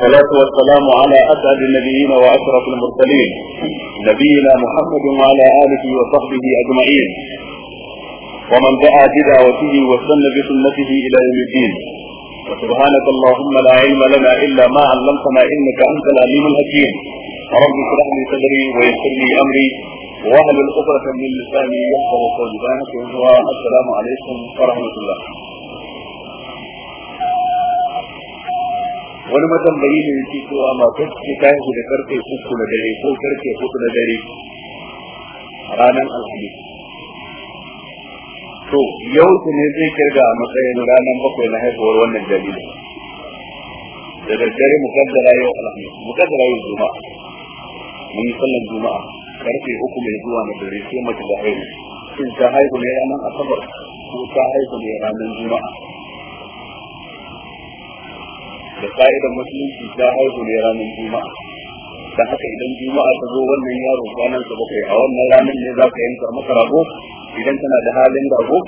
والصلاة والسلام على أسعد النبيين وأشرف المرسلين نبينا محمد وعلى آله وصحبه أجمعين ومن دعا بدعوته واستنى بسنته إلى يوم الدين وسبحانك اللهم لا علم لنا إلا ما علمتنا إنك أنت العليم الحكيم رب اشرح لي صدري ويسر لي أمري واهل الأخرة من لساني يحفظ قولي السلام عليكم ورحمة الله wani matambayi ne yake cewa matar ce ta yi da karfe uku na dare ko karfe hudu na dare ranar alhamis to yau su ne zai kirga a matsayin ranar bakwai na haifuwar wannan jariri da daddare mukaddara yau alhamis mukaddara yau juma'a mun yi sallar juma'a karfe uku mai zuwa na dare sai mace da haihu shin ta haihu ne ranar asabar ko ta haihu ne ranar juma'a da ka'idar musulunci ta haihu ne ranar juma'a da haka idan juma'a ta zo wannan yaro kwanan sa bakwai a wannan ranar ne za ka yanka masa rago idan tana da halin rago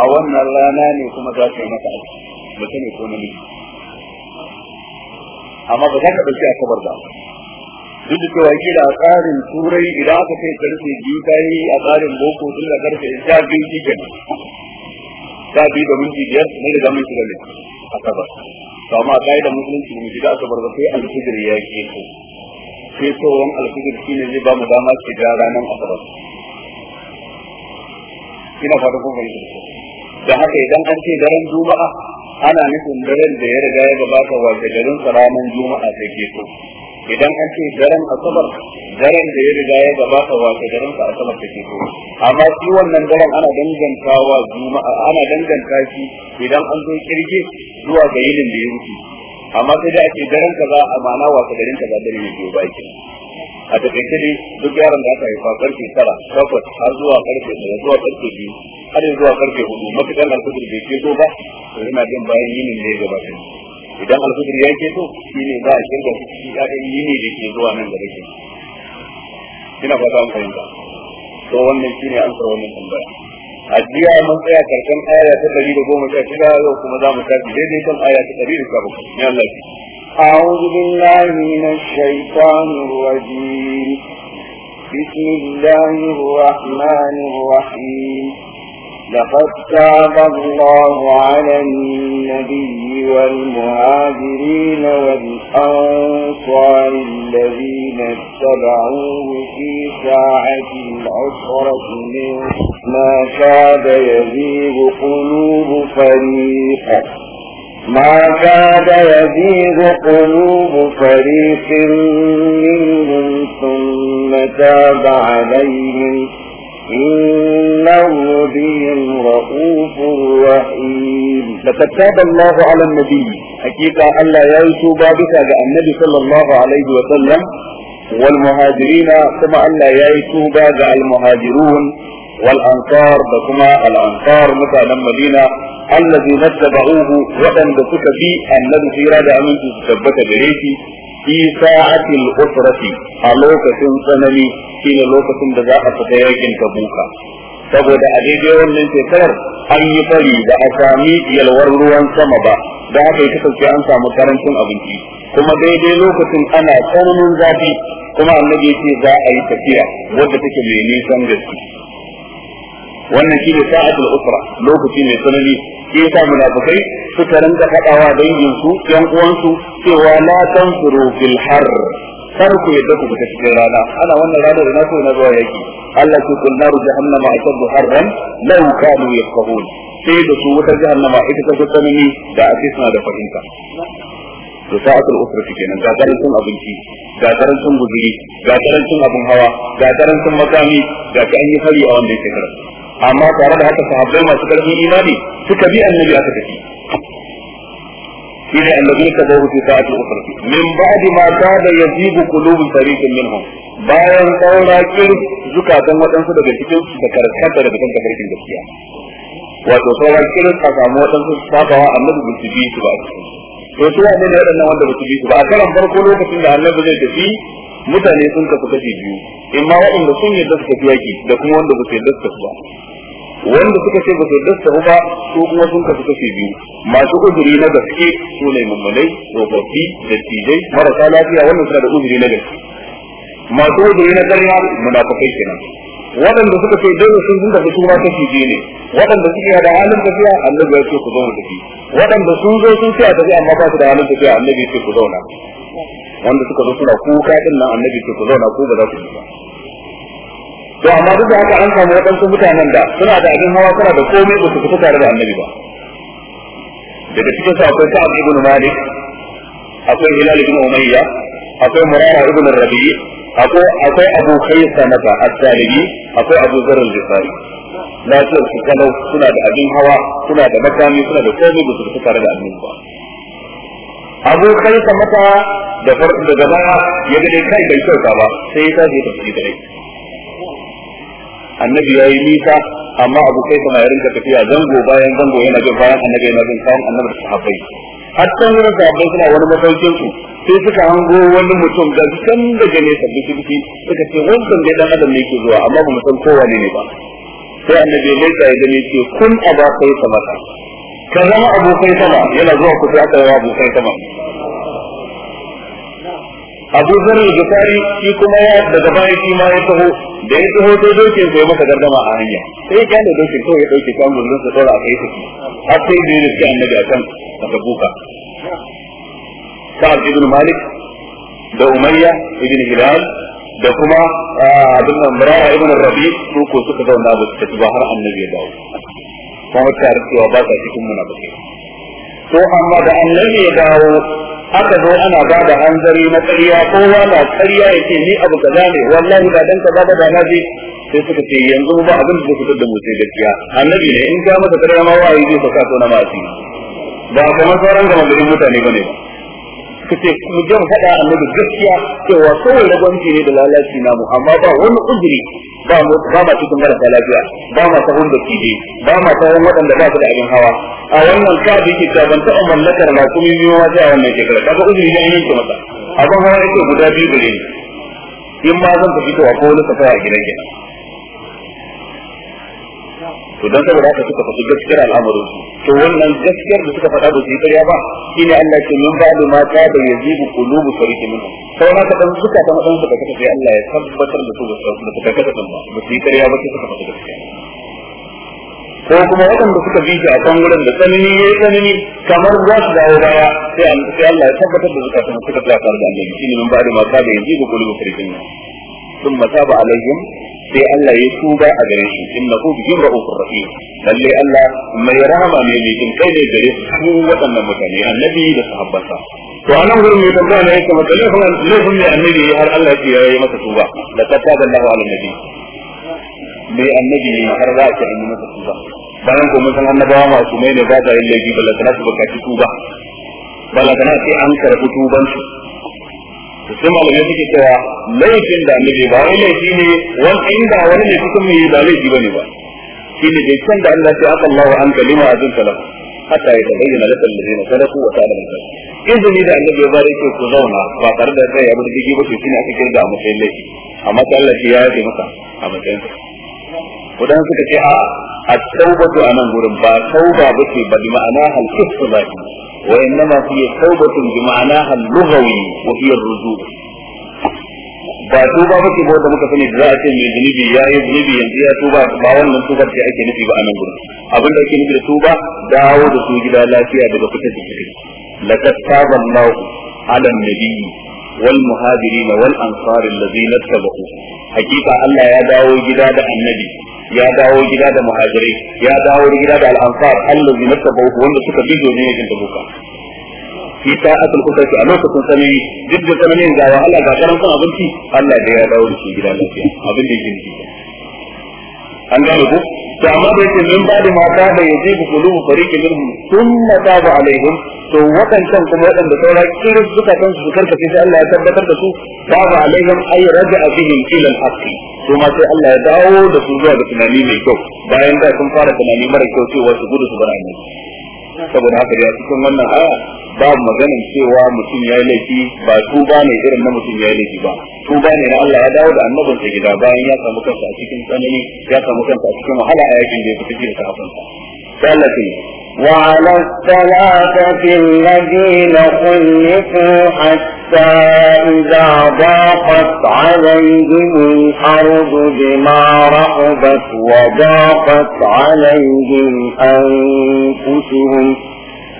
a wannan rana ne kuma za ka yi masa aiki mace ne ko namiji amma ba za ka ɗauki kabar ba duk da cewa kila a tsarin turai idan aka kai karfe biyu ta yi a tsarin boko tun da karfe sha biyu shi kenan sha biyu da minti biyar ne da shi da a asabar to amma kaida musulunci mu shiga asabar da sai alfijir ya ke ko sai tsoron alfijir ne zai ba mu dama shiga ranar asabar ina fata kun fahimta da haka idan an ce daren juma'a ana nufin daren da ya riga ya gabata wace garin sa ranar juma'a sai ke so idan an ce daren asabar daren da ya riga ya gabata wace garin sa asabar take so amma shi wannan daren ana dangantawa juma'a ana danganta shi idan an zo kirge zuwa ga yinin da ya wuce amma sai da ake daren kaza a ma'ana wasu garin kaza dare ne ke ba ki a takaice dai duk yaron da aka haifa karfe tara takwas har zuwa karfe ɗaya zuwa karfe biyu har zuwa karfe hudu matuƙar alfudur bai keto ba to yana jin bayan yinin da ya gabata idan alfudur ya keto shi ne za a shirga shi ɗaɗin yini da ke zuwa nan da rake ina fata an fahimta to wannan ne an tsara wannan tambaya a jiya mun tsaya karshen aya ta ɗari da goma sha shida yau kuma za mu tafi daidai kan aya ta ɗari da sha bakwai ne Allah ki. أعوذ بالله من الشيطان الرجيم بسم الله الرحمن الرحيم لقد تاب الله على النبي والمهاجرين والأنصار الذين اتبعوه في ساعة العسرة من ما كاد يزيغ قلوب فريق ما كاد يزيغ قلوب فريق منهم ثم تاب عليهم إنه بهم رؤوف رحيم لقد تاب الله على النبي حقيقة ألا يوسو بابك النبي صلى الله عليه وسلم والمهاجرين كما ألا يوسو باب المهاجرون والأنصار بكما الأنصار مثلا المدينة الذين اتبعوه وأن بكت في النبي في رادة أمنت ثبت بريتي fi sa'atil usrati a lokacin tsanani shine lokacin da za a fita yakin tabuka saboda a daidai wannan shekarar an yi fari da a sami yalwar ruwan sama ba da haka ya kasance an samu karancin abinci kuma daidai lokacin ana tsananin zafi kuma annabi ce za a yi tafiya wadda take mai nisan gaske wannan shi shine sa'atul usra lokaci mai tsanani shi yasa munafikai suka rinka fadawa dangin su yan uwansu cewa la tanfuru fil har kar ku yadda ku fita cikin rana ana wannan ranar da na so na zuwa yaki Allah ce kun naru jahannama ashaddu harran law kanu yafqahun sai da su wutar jahannama ita ta tsanani da ake suna da fahimta to sa'atul usra kenan ga karancin abinci ga karancin guzuri ga karancin abin hawa ga karancin makami ga kan yi hari a wannan shekarar amma tare da haka sahabbai masu karfin imani suka bi annabi aka tafi shine annabi ka zo fi sa'atul ukhrati min ba'di ma kada yazibu qulubu fariqin minhum bayan saura kin zukatan wadansu daga cikin su da karkata daga kan tafarkin gaskiya wato saura kin ka samu wadansu sakawa annabi bin su bi su ba to su ne ne wanda ba bi su ba a karan farko lokacin da annabi zai tafi mutane sun kashi biyu in waɗanda sun su tafi yaki da kuma wanda ba ba wanda suka ce ba su dasta ba su kuma sun kasu kashe biyu masu uzuri na gaske su ne mummunai tsofaffi tijai marasa lafiya wannan suna da uzuri na gaske masu uzuri na karya munafakai kenan waɗanda suka ce dole sun dinga da sura ta biyu ne waɗanda suke da halin tafiya annabi ya ce ku zauna tafi waɗanda sun zo sun ce a tafi amma ba su da halin tafiya annabi ya ce ku zauna wanda suka zo suna kuka din nan annabi ya ce ku zauna ko ba za ku yi ba to amma duk da haka an samu waɗansu mutanen da suna da abin hawa suna da komai ba su fita tare da annabi ba daga cikin su akwai sa'ad ibn malik akwai hilal ibn umayya akwai murara ibn rabi akwai akwai abu khaysa naka at-talibi akwai abu zar al-ghifari ce su kalau suna da abin hawa suna da makami suna da komai ba su fita tare da annabi ba abu khaysa mata da farko daga baya yaga dai kai bai kyauta ba sai ya tashi ya tafi da annabi yayi nisa amma abu kai kuma ya rinka tafiya zango bayan zango yana bin bayan annabi yana bin kawun annabi da sahabbai hatta wani sahabbai suna wani masaukin su sai suka hango wani mutum da can daga sabbi sabbi suka ce wancan dai dan adam ne yake zuwa amma ba mu san kowa ne ba sai annabi ya leka ya gani ce kun aba kai sama ka zama abokai sama yana zuwa kusa aka yi abokai sama abu zarar gifari shi kuma ya daga baya shi ma ya taho da ya taho sai dokin sai maka gardama a hanya sai ya kyale dokin kawai ya dauke kan gurbin sa tsora a kai saki har sai da ya riske annabi akan kan buka, sa'ad ibn malik da umayya ibn hilal da kuma abin nan bara'a ibn rabi su ko suka zauna ba su tafi ba har annabi ya dawo kuma tare cewa ba sa cikin munafikai to amma da annabi ya dawo aka zo ana ba da hanzari na ƙarya kowa na ƙarya ya ce ni abu kaza ne wallahi ba dan kaza ba da na je sai suka ce yanzu ba abin da fitar da mu sai gaskiya annabi ne in ga masa ƙarya ma wa'ayi zai saka to na su? ba kamar sauran gama garin mutane bane ba suka ce mu je faɗa annabi gaskiya cewa kawai ragwanci ne da lalaci mu, amma ba wani uzuri ba mu ba ma cikin marasa lafiya ba ma sahun da ba ma sahun waɗanda ba su da abin hawa a wannan kafi ke ta ban taɓa mallakar masu miliyoyi ma sai a wannan shekara kaga uzuri ya yanke masa abin hawa yake guda biyu gare ni in ma zan tafi to a kowane safara a gidan gidan to dan saboda haka suka faɗi gaskiyar al'amarin to wannan gaskiyar da suka faɗa ba su yi ƙarya ba shine Allah ke min ba da mata da ya yazibu qulubu sariki min sauran ka dan suka ta madan suka ta sai Allah ya tabbatar da su ba su ta kace ba ba su yi ƙarya ba sai suka faɗi gaskiya ko kuma waɗanda suka bi shi a kan wurin da tsanani ya yi tsanani kamar za su dawo baya sai Allah ya tabbatar da zukatan suka tsaya tare da Allah shine min ba da mata da ya ji yazibu qulubu sariki min ثم تاب عليهم sai Allah ya tuba a gare shi innahu bihim ra'ufur rahim lalle Allah mai rahama ne mai jin kai ne gare su waɗannan mutane annabi da sahabbansa to anan gurin mai tambaya ne kuma telefon telefon ne annabi har Allah ya yi masa tuba da katta da Allah annabi mai annabi ne har za a yi masa tuba bayan ko mun san annabawa masu mai ne ba da yin laifi balla kana su baka tuba balla kana sai an karɓi tubansu sai malamai suke cewa laifin da annabi ba wai laifi ne wani inda wani ne cikin mai ba laifi bane ba shi ne dai can da Allah ya aka Allah an kalima azin salam hatta ya tabayyana lakal ladina sadaku wa ta'lamu izini da annabi ba bada yake ku zauna ba tare da kai ya bi digi ba to shine aka kirga a matsayin laifi amma sai Allah ya yaje maka a matsayin wadan suka ce a at-taubatu anan gurin ba tauba bace ba bi ma'ana hal-kifru zaki وإنما هي توبة بمعناها اللغوي وهي الرجوع ba tuba ba ce da muka sani da za a ce mai zunubi ya yi zunubi yanzu ya tuba ba wannan tubar ce ake nufi ba a nan gurin abin da ake nufi da tuba dawo da su gida lafiya daga fitar da cikin laqad taba Allahu ala nabiyyi wal muhajirin wal ansar allazina tabahu hakika Allah ya dawo gida da annabi ya dawo gida da muhajirai ya dawo gida da al'ansar allazi na tabo wanda suka bi domin yakin da buka shi ta asal kuka a lokacin sanani duk da sanani ga wahala ga karancin abinci Allah da ya dawo da shi gida lafiya abin da yake nufi an gane ku to amma da yake min ba da mata da yaji ku kulubu fariqi sun thumma taba alaihim to waɗancan kuma waɗanda saura kirin suka kan su karkace sai Allah ya tabbatar da su taba alaihim ay raja'a bihim ila al-haqqi to ma sai Allah ya dawo da su zuwa da tunani mai kyau bayan da sun fara tunani mara kyau cewa su gudu su bar saboda haka ya cikin wannan aya babu maganin cewa mutum ya yi laifi ba tuba ne irin na mutum ya yi laifi ba tuba ne na Allah ya dawo da annabin sa gida bayan ya samu kansa a cikin tsanani ya samu kansa a cikin wahala a yakin da ya fita da kafansa ثلاثة وعلى الثلاثة الذين خلفوا حتى إذا ضاقت عليهم الأرض بما رحبت وضاقت عليهم أنفسهم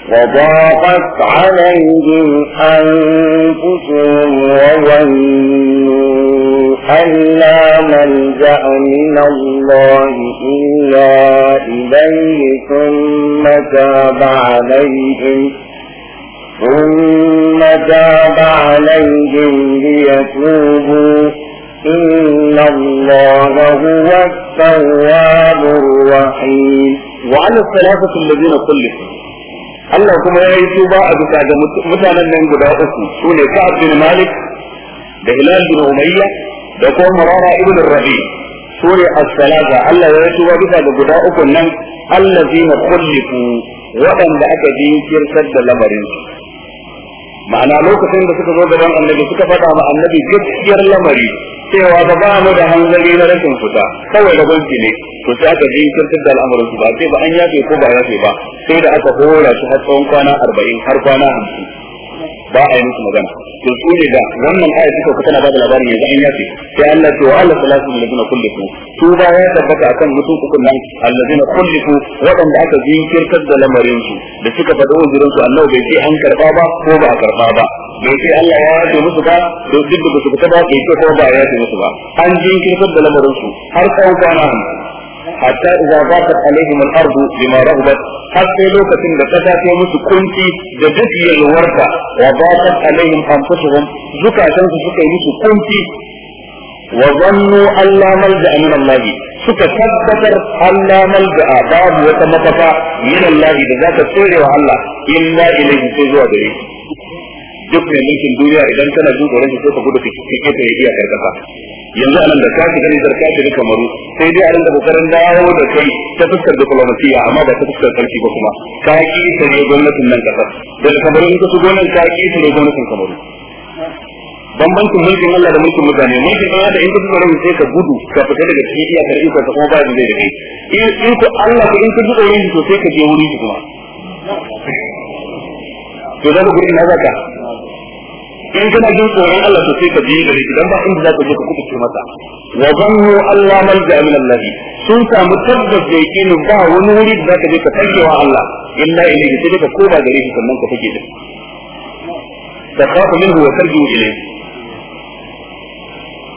وضاقت عليهم أنفسهم وظنوا أن لا ملجأ من الله إلا إليه ثم تاب عليهم ثم تاب عليهم ليتوبوا إن الله هو التواب الرحيم وعلى الثلاثة الذين خلفوا Allah kuma ya yi tuba a bisa ga mutanen nan guda uku su ne Ka'ab bin Malik da Hilal bin Umayya da kuma marara ibn Rabi su ne as Allah ya yi tuba bisa ga guda uku nan allazina kullifu waɗanda aka jinkirtar da lamarin su ma'ana lokacin da suka zo gaban annabi suka faɗa ma annabi gaskiyar lamari cewa ba ba mu da hanzari na rashin fita kawai da gunki ne to sai aka jinkirtar da al'amuran su ba sai ba an yafe ko ba yafe ba sai da aka hora su har tsawon kwana arba'in har kwana hamsin ba a yi musu magana to su ne da wannan aya suka ko tana ba da labarin yanzu an yafe sai Allah ce wa Allah salatu min ladina kullifu su ba ya tabbata akan mutum uku nan alladina kullifu waɗanda aka jinkirtar da lamarin su da suka faɗa uzurin su Allah bai ce an karba ba ko ba a karba ba bai ce Allah ya yafe musu ba to duk da su fita ba bai ce ko ba ya yafe musu ba an jinkirtar da lamarin su har tsawon kwana hatta idza zaqat alaihim ardu bima rahabat har sai lokacin da kasa ta musu kunci da duk yalwarta wa zaqat alaihim anfusuhum zukatan su suka yi musu kunci wa zannu alla malja'a min suka tabbatar Allah malja'a babu wata mafaka min Allah da zaka tsere wa Allah illa ilayhi sai zuwa gare duk mai mulkin duniya idan tana jin tsoron shi ka ta iya karkata yanzu anan da kashi gani da kashi shiga Kamaru sai dai anan da kokarin dawo da kai ta fuskar diplomasiya amma ba ta fuskar sarki ba kuma ka ki ta ne gwamnatin nan kasar da Kamaru in ka su gonan ka ki ta ne gwamnatin Kamaru bambancin mulkin Allah da mulkin mutane mulkin Allah da in ka tsoro sai ka gudu ka fita daga cikin iyakar iko ka kuma ba da zai da in ku Allah ku in ka ji tsoron shi to sai ka je wuri kuma to da ku ina zaka in kana jin tsoron Allah to sai ka bi gare idan ba inda zaka je ka kubuce masa wa zannu Allah malja min Allah sun samu tabbas da yakinin ba wani wuri da zaka je ka tagewa Allah illa ilayhi sai ka koma gare shi sannan ka fake din takhafu minhu wa tarju ilayhi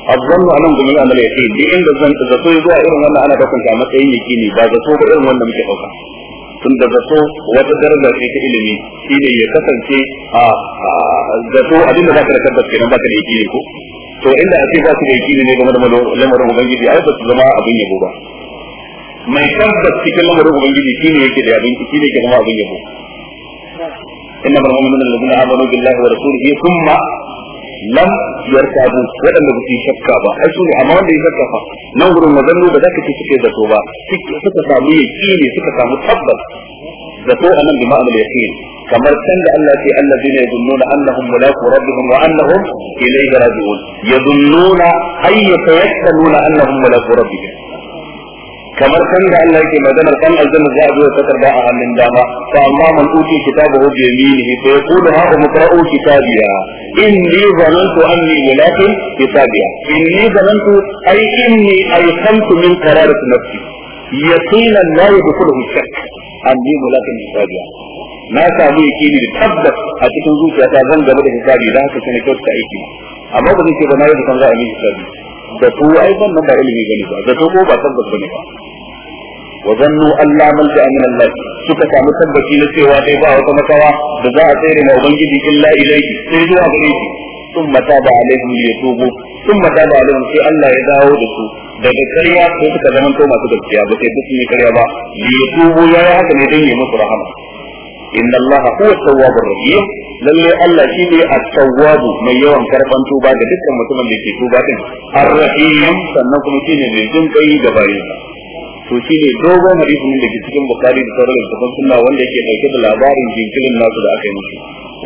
الظن أنا من جميع عمل يقين دي إن الظن إذا سوى إذا إذا وانا matsayin بكون كما ba كيني بعد سوى إذا وانا مكي أوكا tun da zato wata daraja ce ta ilimi shi ne ya kasance a zato abinda za ka da tabbas kenan ba ka da yakini ko to inda ake ba su da yakini ne game da lamarin ubangiji ai ba su zama abin yabo ba mai tabbas cikin lamarin ubangiji shi ne yake da abin shi ne yake zama abin yabo inna bil mu'minina alladhina amanu billahi wa rasulihi thumma lam yarkabu waɗanda ba su yi shakka ba ai su ne amma wanda ya shakka fa nan gurin mazannu ba za ka ce suke zato ba suka samu yaqini suka samu tabbas zato a nan bi ma'amal yaqin kamar can da Allah ce allazina yadunnuna annahum mulaqu rabbihim wa annahum ilayhi raji'un yadunnuna ay yatayakkannuna annahum mulaqu rabbihim kamar kan da Allah yake maganar kan aljanna za a zo takarda a hannun dama fa amma man uti kitabahu bi yaminihi fa yaqulu ha umqra'u kitabiya inni zanantu anni mulaqin kitabiya inni zanantu ay inni ayqantu min qararat nafsi yaqina la yadkhuluhu shakk anni mulaqin kitabiya na samu yakini da tabbas a cikin zuciyata zan gaba da hisabi dan haka sai na kyauta aiki amma ba zan ce ba na yi da kan za a yi hisabi da su ai nan ba ilimi bane ba da to ko ba tabbas bane ba wa zannu Allah malja amina Allah suka samu tabbaci na cewa dai ba wata makawa da za a tsere na ubangiji illa ilayhi sai zuwa gare shi sun mata da alaihim ya yatubu sun mata da alaihim sai Allah ya dawo da su daga karya sai suka zama to masu gaskiya ba sai duk ne karya ba ya yatubu ya haka ne dan yi musu rahama inna allaha huwa tawwabur rahim lalle Allah shi ne at-tawwabu mai yawan karban tuba ga dukkan mutumin da ke tuba din ar-rahim sannan kuma shi ne mai jin ga shi ne dogon hadisin da ke cikin bukari da sauran littafin sunna wanda yake dauke da labarin jinkirin nasu da aka yi musu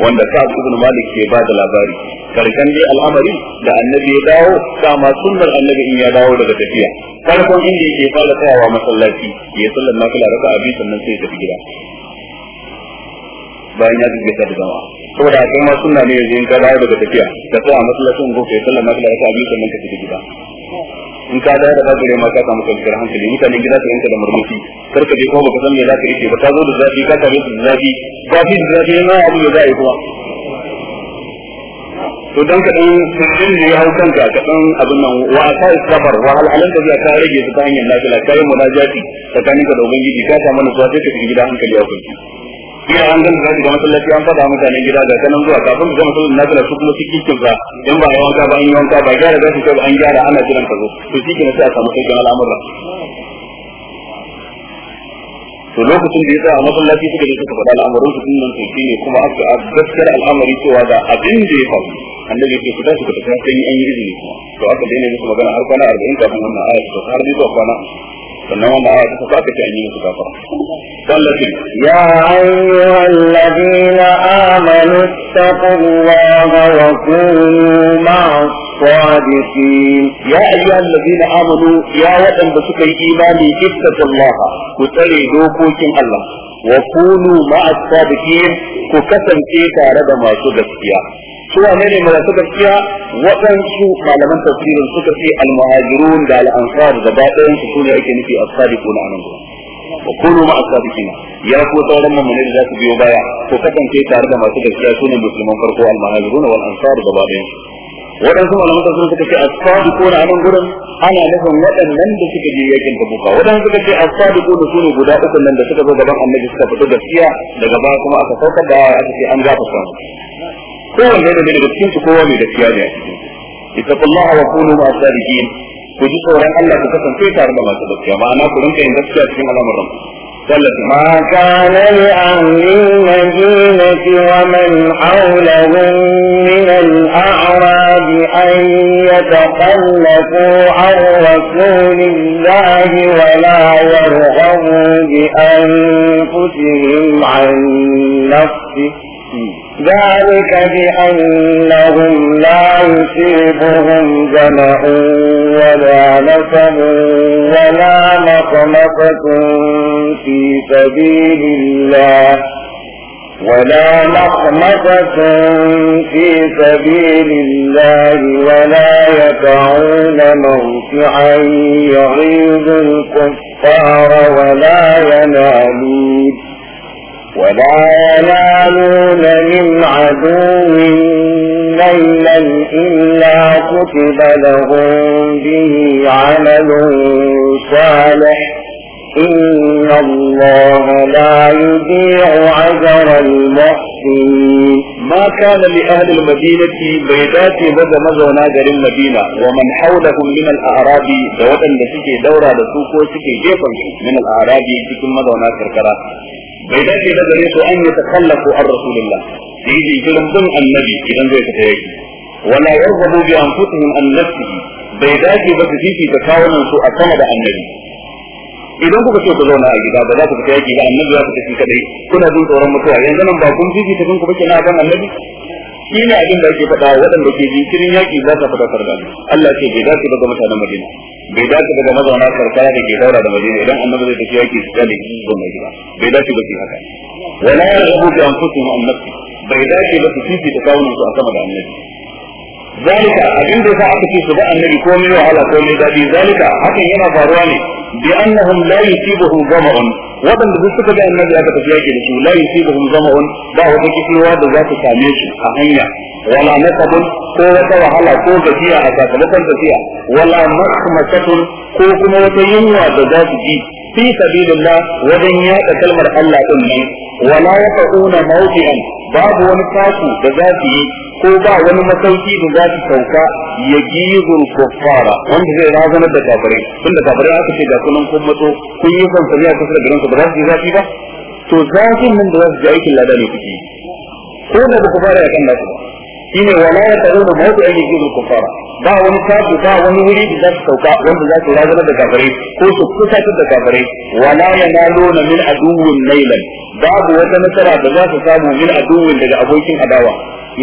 wanda ka ibn malik ke ba da labari karshen dai al'amari da annabi ya dawo ma sunnar annabi in ya dawo daga tafiya farkon inda yake fara tsayawa masallaci ya sallar da raka'a biyu sannan sai ya tafi gida bayan ya tafi da jama'a saboda kai ma suna ne yanzu in ka dawo daga tafiya ka a masallacin ungo ka yi sallar nafila ka abin sannan ka tafi gida in ka dawo da bagare ma ka samu kwanciyar hankali mutane gida su yanka da murmushi kar ka je kuma baka san me za ka yi ba ka zo da zafi ka kare da zafi ba fi da zafi yana abu da za a yi kuma to dan ka dan sun ne hau kanka ka dan abin nan wa ta safar wa hal alan da ka rage su ta hanyar lafiya kai munajati tsakaninka da ubangiji ka samu nutsuwa sai ka tafi gida hankali ya kwanci iya an ganta za ga masallaci an faɗa mutane gida da kanan zuwa kafin su ga masallaci na gida su kuma su kikin ba in ba yawan ka ba in yawan ka ba gyara za su ba an gyara ana jiran ka zo to shi sai a samu kai al'amura to lokacin da ya a masallaci suka je suka faɗa al'amarin su nan to ne kuma aka gaskiyar al'amari cewa da abin da ya faru annabi ke fita su tafi sai an yi izini to aka daina musu magana har kwana 40 kafin wannan to har zuwa kwana sannan wannan ta ta an yi musu kafara يا أيها الذين آمنوا اتقوا الله وكونوا مع الصادقين يا أيها الذين آمنوا يا وطن بسك الإيمان اتقوا الله وتري دوكوكم الله وكونوا مع الصادقين كفسن كيكا رد ما سبسكيا سوى من ما سبسكيا وطنسو قال من تفسير سكسي المهاجرون قال الأنصار زبائن سكون أكي نفي الصادقون عنهم wa kunu ma asabiqina ya ku sauran mamane da za su biyo baya ko kasance tare da masu gaskiya sune musulman farko al-muhajirun wal ansar da babin waɗansu malaman tafsir suka ce as-sabiquna a nan gurin ana nufin waɗannan da suka je yakin tabuka waɗansu suka ce as-sabiquna sune guda uku nan da suka zo gaban annabi suka fito gaskiya daga baya kuma aka saukar da aka ce an gafarta musu kowanne da daga cikin su kowa mai gaskiya ne a cikin ittaqullaha wa kunu ma as ku ji tsoron Allah ku kasance tare da masu gaskiya ma'ana ku rinka yin gaskiya cikin al'amuran ما كان لأهل المدينة ومن حولهم من الأعراب أن يتخلفوا عن رسول الله ولا يرغبوا بأنفسهم عن نفسه ذلك بأنهم لا يصيبهم جمع ولا نصب ولا مخمصة في سبيل الله ولا مخمصة في سبيل الله ولا يدعون موسعا يغيظ الكفار ولا ينالون ولا ينالون من عدو ليلا إلا كتب لهم به عمل صالح إن الله لا يضيع أجر المحسنين ما كان لأهل المدينة بيدات مدى مزونا غير المدينة ومن حولهم من الأعراب دوتا لسكي دورة لسوق وسكي جيفا من الأعراب سكي مدونا كركرا bai dace da gare su an yi ta takallafu an rasulullah da yi jinkirin bin annabi idan zai fita yaki wala yar yarhabu bi anfusihim an nafsihi bai dace ba su fifi ta kawunan su a sama da annabi idan kuka ce ku zauna a gida ba za ku fita yaki ba annabi za ku tafi kadai kuna jin tsoron mutuwa yanzu nan ba kun fifi ta kanku ba na ban annabi shi ne abin da ake faɗa waɗanda ke jinkirin yaki za ta fada farda Allah ce bai dace ba ga mutanen Madina bai dace daga mazauna karkara da ke daura da madina idan annabi zai tafi yaki su gane kin zo mai gida bai dace ba su haka wala ya rabu da anfusu mu annabi bai dace ba su fifi ta kawunan su a sama da annabi zalika abin da za aka ce su ba annabi ko mai wahala ko mai dadi zalika hakan yana faruwa ne bi annahum la yusibuhu zama'un wadanda duk suka ga annabi aka tafi yake da su la yusibuhum zama'un ba wata kishiwa da za ta same shi a hanya wala nasabun ko wata wahala ko gajiya a sakamakon tafiya wala masmasatun ko kuma wata yunwa da za su ji fi sabilillah wajen yaɗa kalmar Allah ɗin ne wala yaquna mawdi'an babu wani kashi da za su yi ko ba wani masauki da za su sauka ya gizul kuffara wanda zai razanar da kafirai tunda kafirai aka ce ga kunan kun kun yi son samiya kusa da garin ba za su yi ba to da za su ji aikin lada ne ko da ba ku fara ba shine wala ya taru da mawdu an yajibu kufara ba wani tafi ba wani wuri da za su sauka wanda za su razana da kafirai ko su kusatar da kafirai wala ya naluna min aduwwin Nailan, babu wata nasara da za su samu min aduwwin daga abokin adawa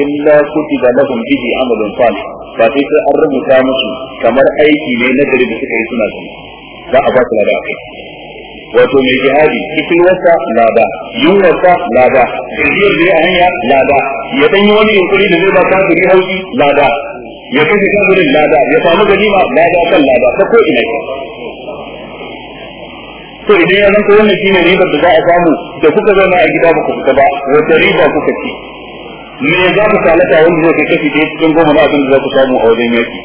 illa kutiba lahum bihi amalun salih ba sai sai an rubuta musu kamar aiki ne na gari da suka yi suna su za a ba su wato mai jihadi cikin wasa lada yin wasa lada jirgin da ya hanya lada ya ɗanyi wani yunkuri da zai ba kafiri hauki lada ya kashe kafirin lada ya samu ganima lada kan lada ta ko ina to idan ya zanto wannan shine ribar da za a samu da kuka zauna a gida ku fita ba wata riba kuka ci me za ku salata wanda zai kai kashi ɗaya cikin goma na abin da za ku samu a wajen yaki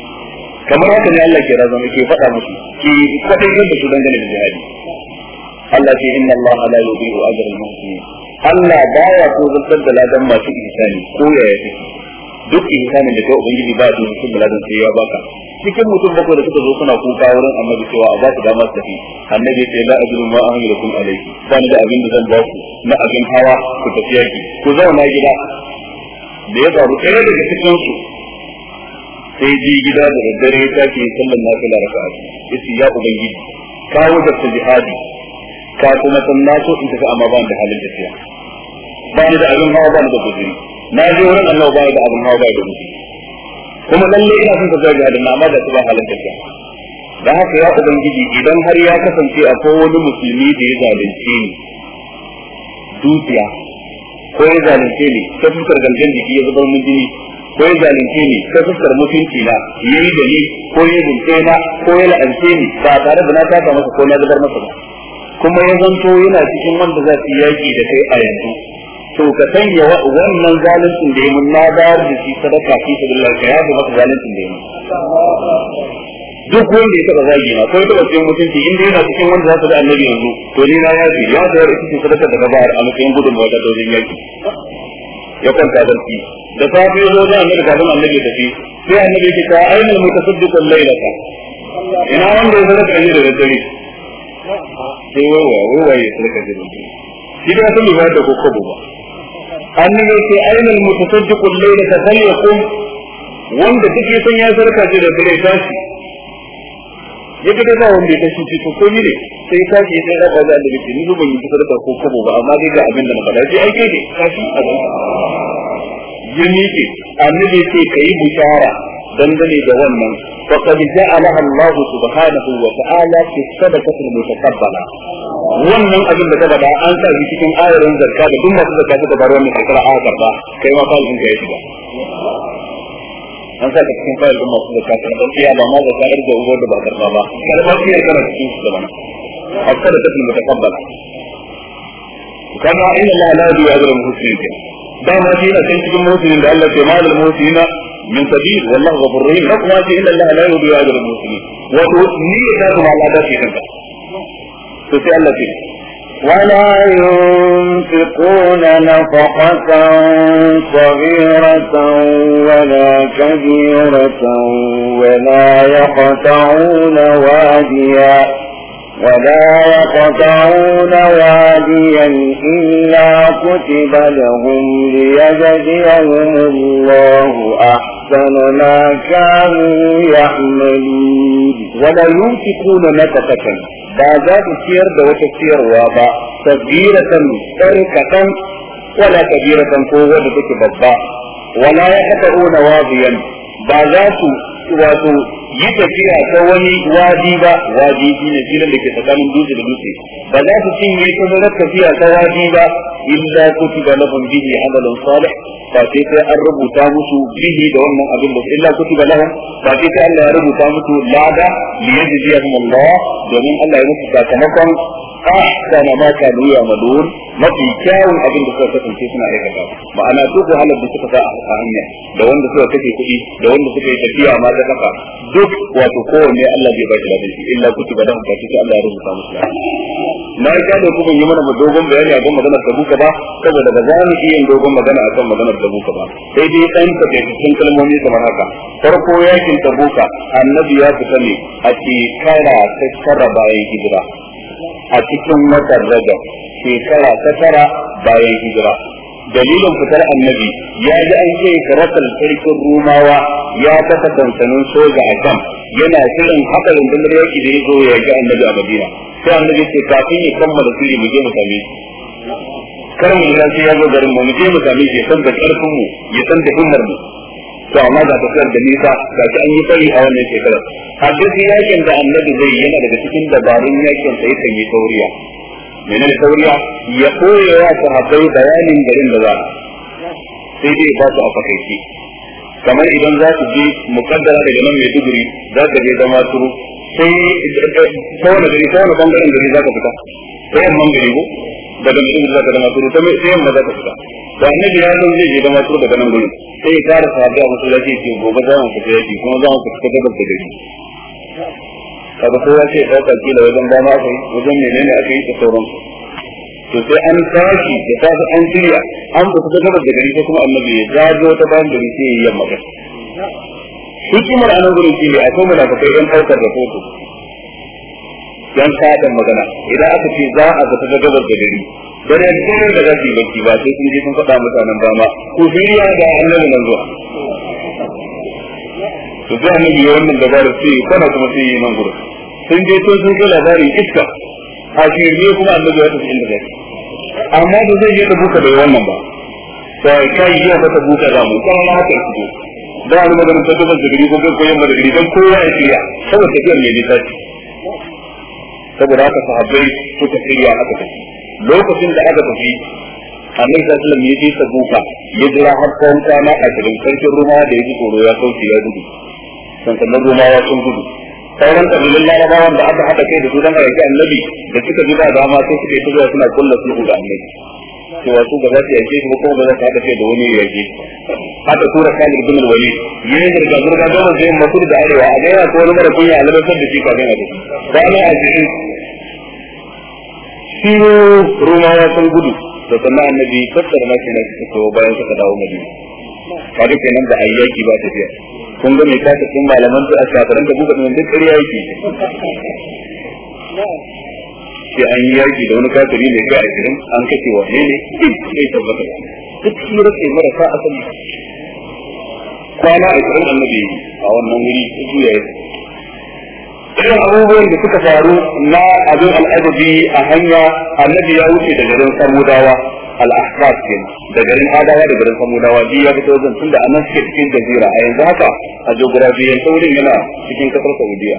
kamar haka ne Allah ke razana ke faɗa musu ki faɗin yadda su dangane da jihadi Allah ce inna Allah la yudhi'u ajra al-muhsinin Allah ya so zantar da ladan masu ihsani ko ya yi duk ihsanin da kai ubangiji ba da mutum da ladan sai ya baka cikin mutum bakwai da suka zo suna kuka wurin annabi cewa a ba su dama su tafi annabi ce la ajru ma ahmilukum alayhi sani da abin da zan ba ku na abin hawa ku tafi yaki ku zauna gida da ya faru ɗaya daga cikin su sai ji gida da daddare ta ke sallan nafila raka'a yace ya ubangiji kawo da jihadi ka kuma san na so in tafi amma ban da halin tafiya ba ni da abin hawa ba ni da guzuri na je wurin Allah ba ni da abin hawa ba ni da guzuri kuma lalle ina son tafiya ga hadin amma da su ba halin tafiya da haka ya ubangiji idan har ya kasance a wani musulmi da ya zalunce ni dukiya ko ya zalunce ni ta fuskar gangan jiki ya zubar mun jini ko ya zalunce ni ta fuskar mutunci na yi da ni ko ya zunce na ko ya la'ance ni ba tare da na taka masa ko na zubar masa ba kuma ya zanto yana cikin wanda za su yaki da kai a yanzu to ka sanya wannan zaluncin da yamin na bayar da shi sadaka fi sabilillah ka yafi maka zaluncin da yamin duk wanda ya taba zagi na ko ya taba cikin mutunci inda yana cikin wanda za su da annabi yanzu to ni na yafi ya da yake cikin sadaka da bayar a matsayin gudun wata da yaki ya kwanta zarki da safe ya zo da annabi kafin annabi ya tafi sai annabi ya ce ka ainihin mutasaddiqul lailata ina wanda ya sadaka ne da daddare sai wawa wawa ya sarka jirgin shi da sun lura da kokobo ba annabi sai ainal mutasaddiqu laylata kun wanda take son ya sarka shi da dare tashi ya ga ba wanda ya tashi ce to ko ni ne sai tashi sai da kaza da biki ni zuba yi sarka da kobo ba amma dai ga abin da na faɗa sai ai kai ne tashi a gaba ya miƙe annabi sai ka yi bushara dangane da wannan وقد جعلها الله سبحانه وتعالى في السبكة المتقبلة ومن أجل ذلك أنت بسكين آية من ذلك ثم تذكى تتبارو من حكرة آية ذلك كما قال من جائزة إيه أنت بسكين آية ثم تذكى تتبارو في أبا ماذا سأرجع وجود بعد الرابع هذا ما فيه كما تسكين سبنا السبكة المتقبلة كما إن الله لا يدعو أجر المحسنين دعنا فيه أسنتكم المحسنين لأن كمال المحسنين من سبيل والله غفور رحيم لا تقوم الا الله لا يضيع اجر المسلمين وتؤتي ذاتهم على في الحجه تسال فيه ولا ينفقون نفقة صغيرة ولا كبيرة ولا يقطعون وادياً ولا يقطعون واديا إلا كتب لهم ليجزيهم الله أحسن ما كانوا يعملون ولا ينفقون نفقة بعد سير دوت سير وابا صغيرة تركة ولا كبيرة قوة بتكبر ولا يقطعون واديا بعد wato yi tafiya ta wani wadi ba wadi shine filin da ke tsakanin dutse da dutse ba za su cinye ta tafiya ta wadi ba illa kutiba lahum bihi amalun salih ba sai sai an rubuta musu bihi da wannan abin da illa kutiba lahum ba sai sai Allah ya rubuta musu lada li yajziyahum Allah domin Allah ya musu sakamakon ahsana ma kanu ya'malun mafi kyawun abin da suka kasance suna aikata ma'ana duk wahalar da suka sa a hanya da wanda suka kashe kuɗi da wanda suka yi tafiya ma da kafa duk wato kowanne Allah bai ba shi ladan shi illa kutiba lahum ba sai Allah ya rubuta musu lada na ga da kuma yi mana dogon bayani a kan maganar tabuka ka ba saboda ba za mu iya dogon magana akan maganar tabuka ba sai dai dan ka da cikin kalmomi kamar haka farko yakin tabuka annabi ya fita ne a shekara ta tara bayan hijira a cikin watan rajab shekara ta tara bayan hijira dalilin fitar annabi ya ji an ce karatar sarkin rumawa ya kasa sansanin soja a kan yana shirin haka rundunar yaki da ya zo ya ga annabi a madina sai annabi ce kafin ya kammala sirri mu je mu same shi kar mu ga sai ya zo garin mu je mu same shi san da karfin mu ya san da himmar mu to amma ga tafiyar da nisa ga ta an yi fari a wannan shekarar hadisi yakin da annabi zai yana daga cikin dabarun yakin sai kan yi tauriya menene tauriya ya koya ya sahabbai bayanin garin da za sai dai ba su a fakaici kamar idan za su je mukaddara daga nan Maiduguri za ka je zama turu sai eh, eh, ta wani gari ta wani bangaren gari za ka fita sai yamman gari ko da da mutum zaka da maturu ta mai sai maza ka fita to annabi ya san zai je da maturu daga nan gurin sai ya fara sahabi a masallaci ce gobe za mu fita yaki kuma za mu fita da da gari kaga kowa sai dauka kila wajen dama aka yi wajen menene aka yi da sauransu to sai an tashi da tafi an shirya an fita da da gari sai kuma annabi ya zago ta bayan gari sai ya yi yamma hikimar anan gurin shi ne a akwai kai ɗan ɗaukar da foto. yan faɗin magana idan aka ce za a zata ta gabar da gari bane kuma da gaji baki ba sai kun je kun faɗa mutanen ma ku biya da annabi nan zuwa to ne annabi ya wannan dabarar sai kana kuma sai yi nan gurin sun je to sun ga labarin iska a shirye kuma annabi ya tafi inda gari amma da zai je da buka da wannan ba sai kai ya ta buka da mu kuma na haka ku da wani magana ta gaba da gari ko ko yamma da gari dan kowa ya shirya saboda tafiyar ne ta saboda haka sahabbai suka shirya aka tafi lokacin da aka tafi annabi sallallahu alaihi wasallam ya je sabuka ya jira har tsawon kwana a cikin sarkin ruma da ya ji tsoro ya kauce ya gudu sansanin ya sun gudu sauran kabilun larabawan da aka haɗa kai da su don a yaki annabi da suka bi ba dama sai suka yi zuwa suna kulla su da annabi cewa Wasu ba za su yake shi ba kuma ba za su haɗa kai da wani ya yake haka tura kan ibn wali yayin da ga zurga da zai masu da arewa a gaira ko wani mara kunya a labar da shi kafin a ba ne a cikin shi ya san gudu da sannan annabi tattara na kina suka kawo bayan suka dawo madina ba duka nan da ayyaki ba tafiya kun ga mai kasa cikin malaman su a shafaran da buga mai dukkan yaki sai an yi yaki da wani kafiri mai kai ashirin an kace wane ne duk sai tabbata duk shi rake marasa asali kwana ashirin annabi a wannan wuri su juya ya irin abubuwan da suka faru na abin al'ajabi a hanya annabi ya wuce da garin samudawa al-ahqaf da garin adawa da garin samudawa biyu ya fito zan tunda annan suke cikin jazira a yanzu haka a jogurafiyan saurin yana cikin kasar saudiya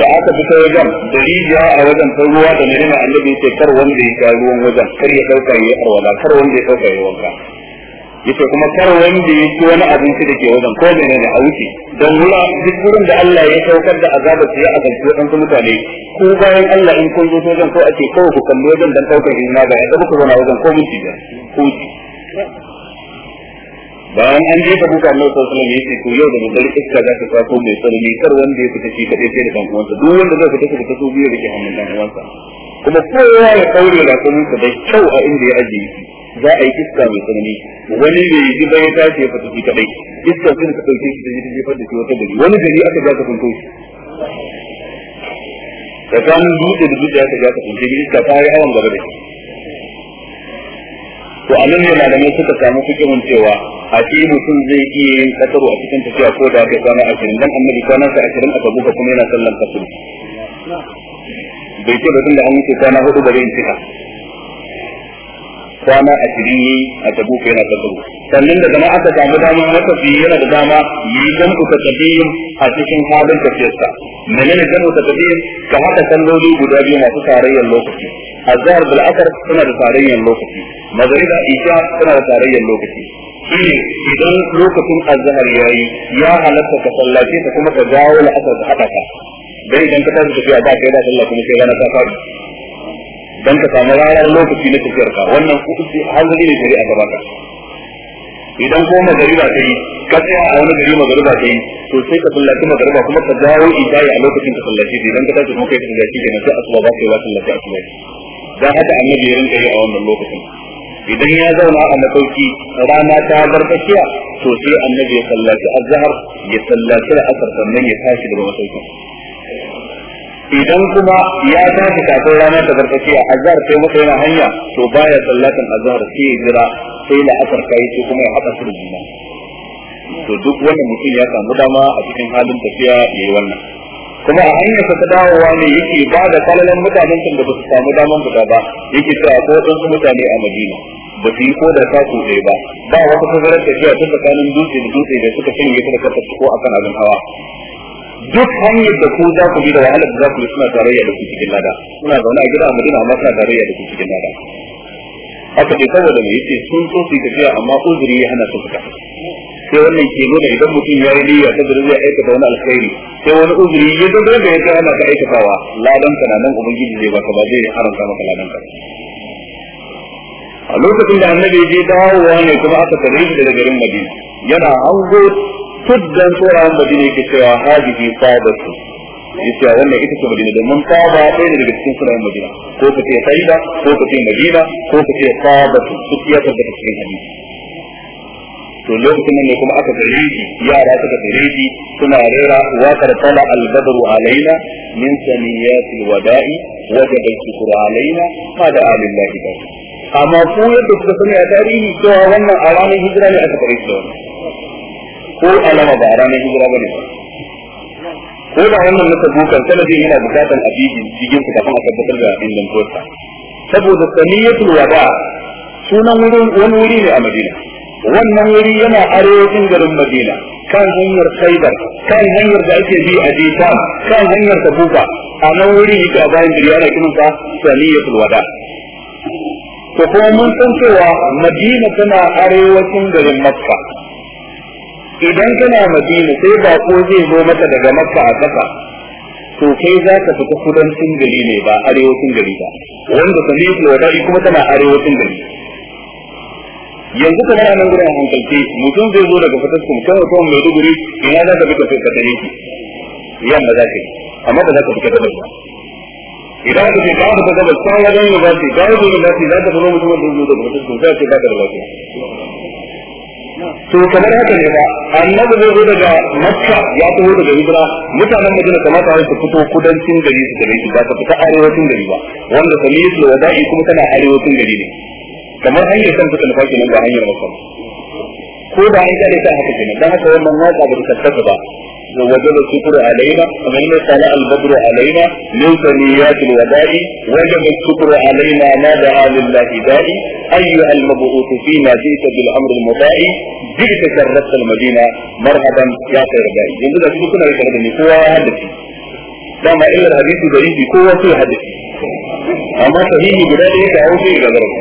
da aka fito wajen da rijiya a wajen ta ruwa da nuna annabi ce kar wanda ya sha ruwan wajen kar ya sauka ya arwala kar wanda ya sauka ya wanka yace kuma kar wanda ya ci wani abinci da ke wajen ko mene ne a wuce don wula duk gurin da Allah ya saukar da azaba ya azabci waɗansu mutane ko bayan Allah in kun zo wajen ko ake kawai ku kalli wajen dan ɗaukar izina ga ya ɗauka ku na wajen ko minti biyar ko ci bayan an jefa duka Allah sallallahu alaihi wasallam ko yau da mutar iska za ta kwaso mai sarmi kar wanda ya fita shi kadai sai da kan uwansa duk wanda zai fita shi da so biyu da ke hannun dan uwansa kuma kowa ya kaure da kuma da kyau a inda ya ajiye za a yi iska mai tsanani wani bai yi ba ya tashi ya fata shi kadai iska sun ka dauke shi da ya jefar da shi wata gari wani gari aka ja ka fanto shi tsakanin dutse da dutse aka ja ka fanto shi iska ta yi hawan gaba da shi to a nan ne malamai suka samu fikirin cewa a ce mutum zai iya yin kasaro a cikin tafiya ko da aka kwana ashirin dan annabi kwana sa ashirin aka buga kuma yana sallan kasuru bai ce ba tun da an wuce kwana hudu bare in cika kwana a cikin yi a tabuka yana tabuka sannan da zama aka samu dama matafi yana da dama yi jam'u takaddim a cikin halin tafiyarsa menene jam'u takaddim ka haka salloli guda biyu masu tarayyar lokaci azhar bil asr suna da tarayyar lokaci magriba isha suna da tarayyar lokaci shine idan lokacin azhar yi ya halatta ka sallace ta kuma ka dawo la'asar ka haka ka dai idan ka tafi tafiya ba kai da sallah kuma sai rana ta faɗi dan ka samu ranar lokaci na tafiyar ka wannan har hanzari ne gari a gaba ka idan ko magariba ta yi ka tsaya a wani gari magariba ta yi to sai ka sallaci ba kuma ka dawo isha'i a lokacin ka sallaci ta idan ka tashi kuma kai ka sallaci kenan sai asuba ba ka yi wa sallaci asuba dan haka annabi ya rinka yi a wannan lokacin idan ya zauna a masauki rana ta bar tsakiya to sai annabi ya sallaci azhar ya sallaci al'asr sannan ya tashi daga masaukin idan kuma ya tashi kafin rana ta barkace a azhar sai masa yana hanya to baya sallatan azhar sai ya jira sai la'asar kai sai kuma ya haɗa su da to duk wannan mutum ya samu dama a cikin halin tafiya yayi wannan kuma a hanyar ta dawowa ne yake ba da kalalan mutanen can da ba su samu daman fita ba yake cewa ko su mutane a Madina ba su yi ko da ta kuɗe ba ba wata tazarar tafiya ta tsakanin dutse da dutse da suka shirya ta da kasa ko akan abin hawa duk hanyar da ku za ku bi da wahalar da za ku yi suna tarayya da ku cikin lada suna zaune a gida a madina amma suna tarayya da ku cikin lada haka ce saboda mai yace sun so su yi tafiya amma uzuri ya hana su fita sai wannan ke nuna idan mutum ya yi niyya ta zai aikata wani alkhairi sai wani uzuri ya dogara da ya kai ana ka aikatawa ladan ka nan ubangiji zai baka ba zai haramta maka ladan ka a lokacin da annabi ya je dawowa ne kuma aka tare shi daga garin madina yana hango tuddan tsoron madina yake cewa hadihi sabatu yace wannan ita ce madina domin saba ɗaya ne daga cikin sunayen madina ko ka ce saida ko ka ce madina ko ka ce sabatu su ya tabbata cikin hadisi to lokacin ne kuma aka tariji yara suka tariji suna rera wa kartala albadru alaina min saniyatil wada'i wajaba shukru alaina qada alillahi ta'ala amma ku yadda kuka sani a tarihi cewa wannan a ranar hijira ne aka fara shi ko alama ba a ranar hijira ba ne ba. ko da wannan na tabukan sanadin yana bukatan a bi cikin su kafin a tabbatar da ingantuwarsa saboda saniyatul wada sunan wurin wani wuri ne a madina wannan wuri yana arewacin garin madina kan hanyar khaibar kan hanyar da ake bi a jita kan hanyar tabuka a nan wuri yake a bayan gari ana kiransa saniyatul wada to kuma mun san cewa madina tana arewacin garin makka idan kana madina sai ba ko zai zo maka daga makka a kasa to kai za ka fita kudancin gari ne ba arewacin gari ba wanda sami'ul wada'i kuma tana arewacin gari yanzu kamar nan gurin hankalce mutum zai zo daga fataskum kan mutum mai duguri ina za ka fita ka tare shi yamma za ka yi amma ba za ka fita gabas ba idan ka ce ka fita gabas sai wajen yi za ka yi ka wajen yi za ka yi za ka fito mutum da zo daga fataskum sai ka ce ka ba lafiya to kamar haka ne ba annabi zai zo daga makka ya taho daga hijira mutanen madina kamata wai su fito kudancin gari su gare shi ba ta fita arewacin gari ba wanda da wada'i kuma tana arewacin gari ne kamar hanyar kan ta nufa nan ba hanyar makka ko da an kare ta haka kenan dan haka wannan ya ba ta ba ووجب الشكر علينا ومن صلاة البدر علينا من ثنيات الوباء وجب الشكر علينا ما دعا لله داعي أيها المبعوث فينا جئت بالأمر المطاع جئت شرفت المدينة مرحبا يا خير داعي إن ذلك بكنا يتردني هو هدفي دام إلا الحديث دريدي بقوه هدفي أما صحيح بلاده تعوشي إلى ذلك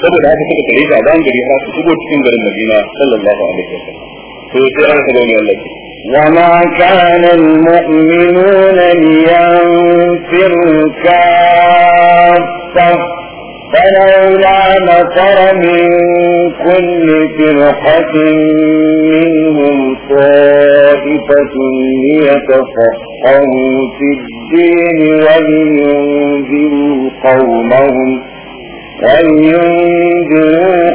saboda haka suka tare ta bayan gari har su shigo cikin garin Madina sallallahu alaihi wasallam to sai ran ka gani Allah وما كان المؤمنون لينفروا كافة فلولا نفر من كل فرقة منهم طائفة ليتفقهوا في الدين ولينذروا قومهم أن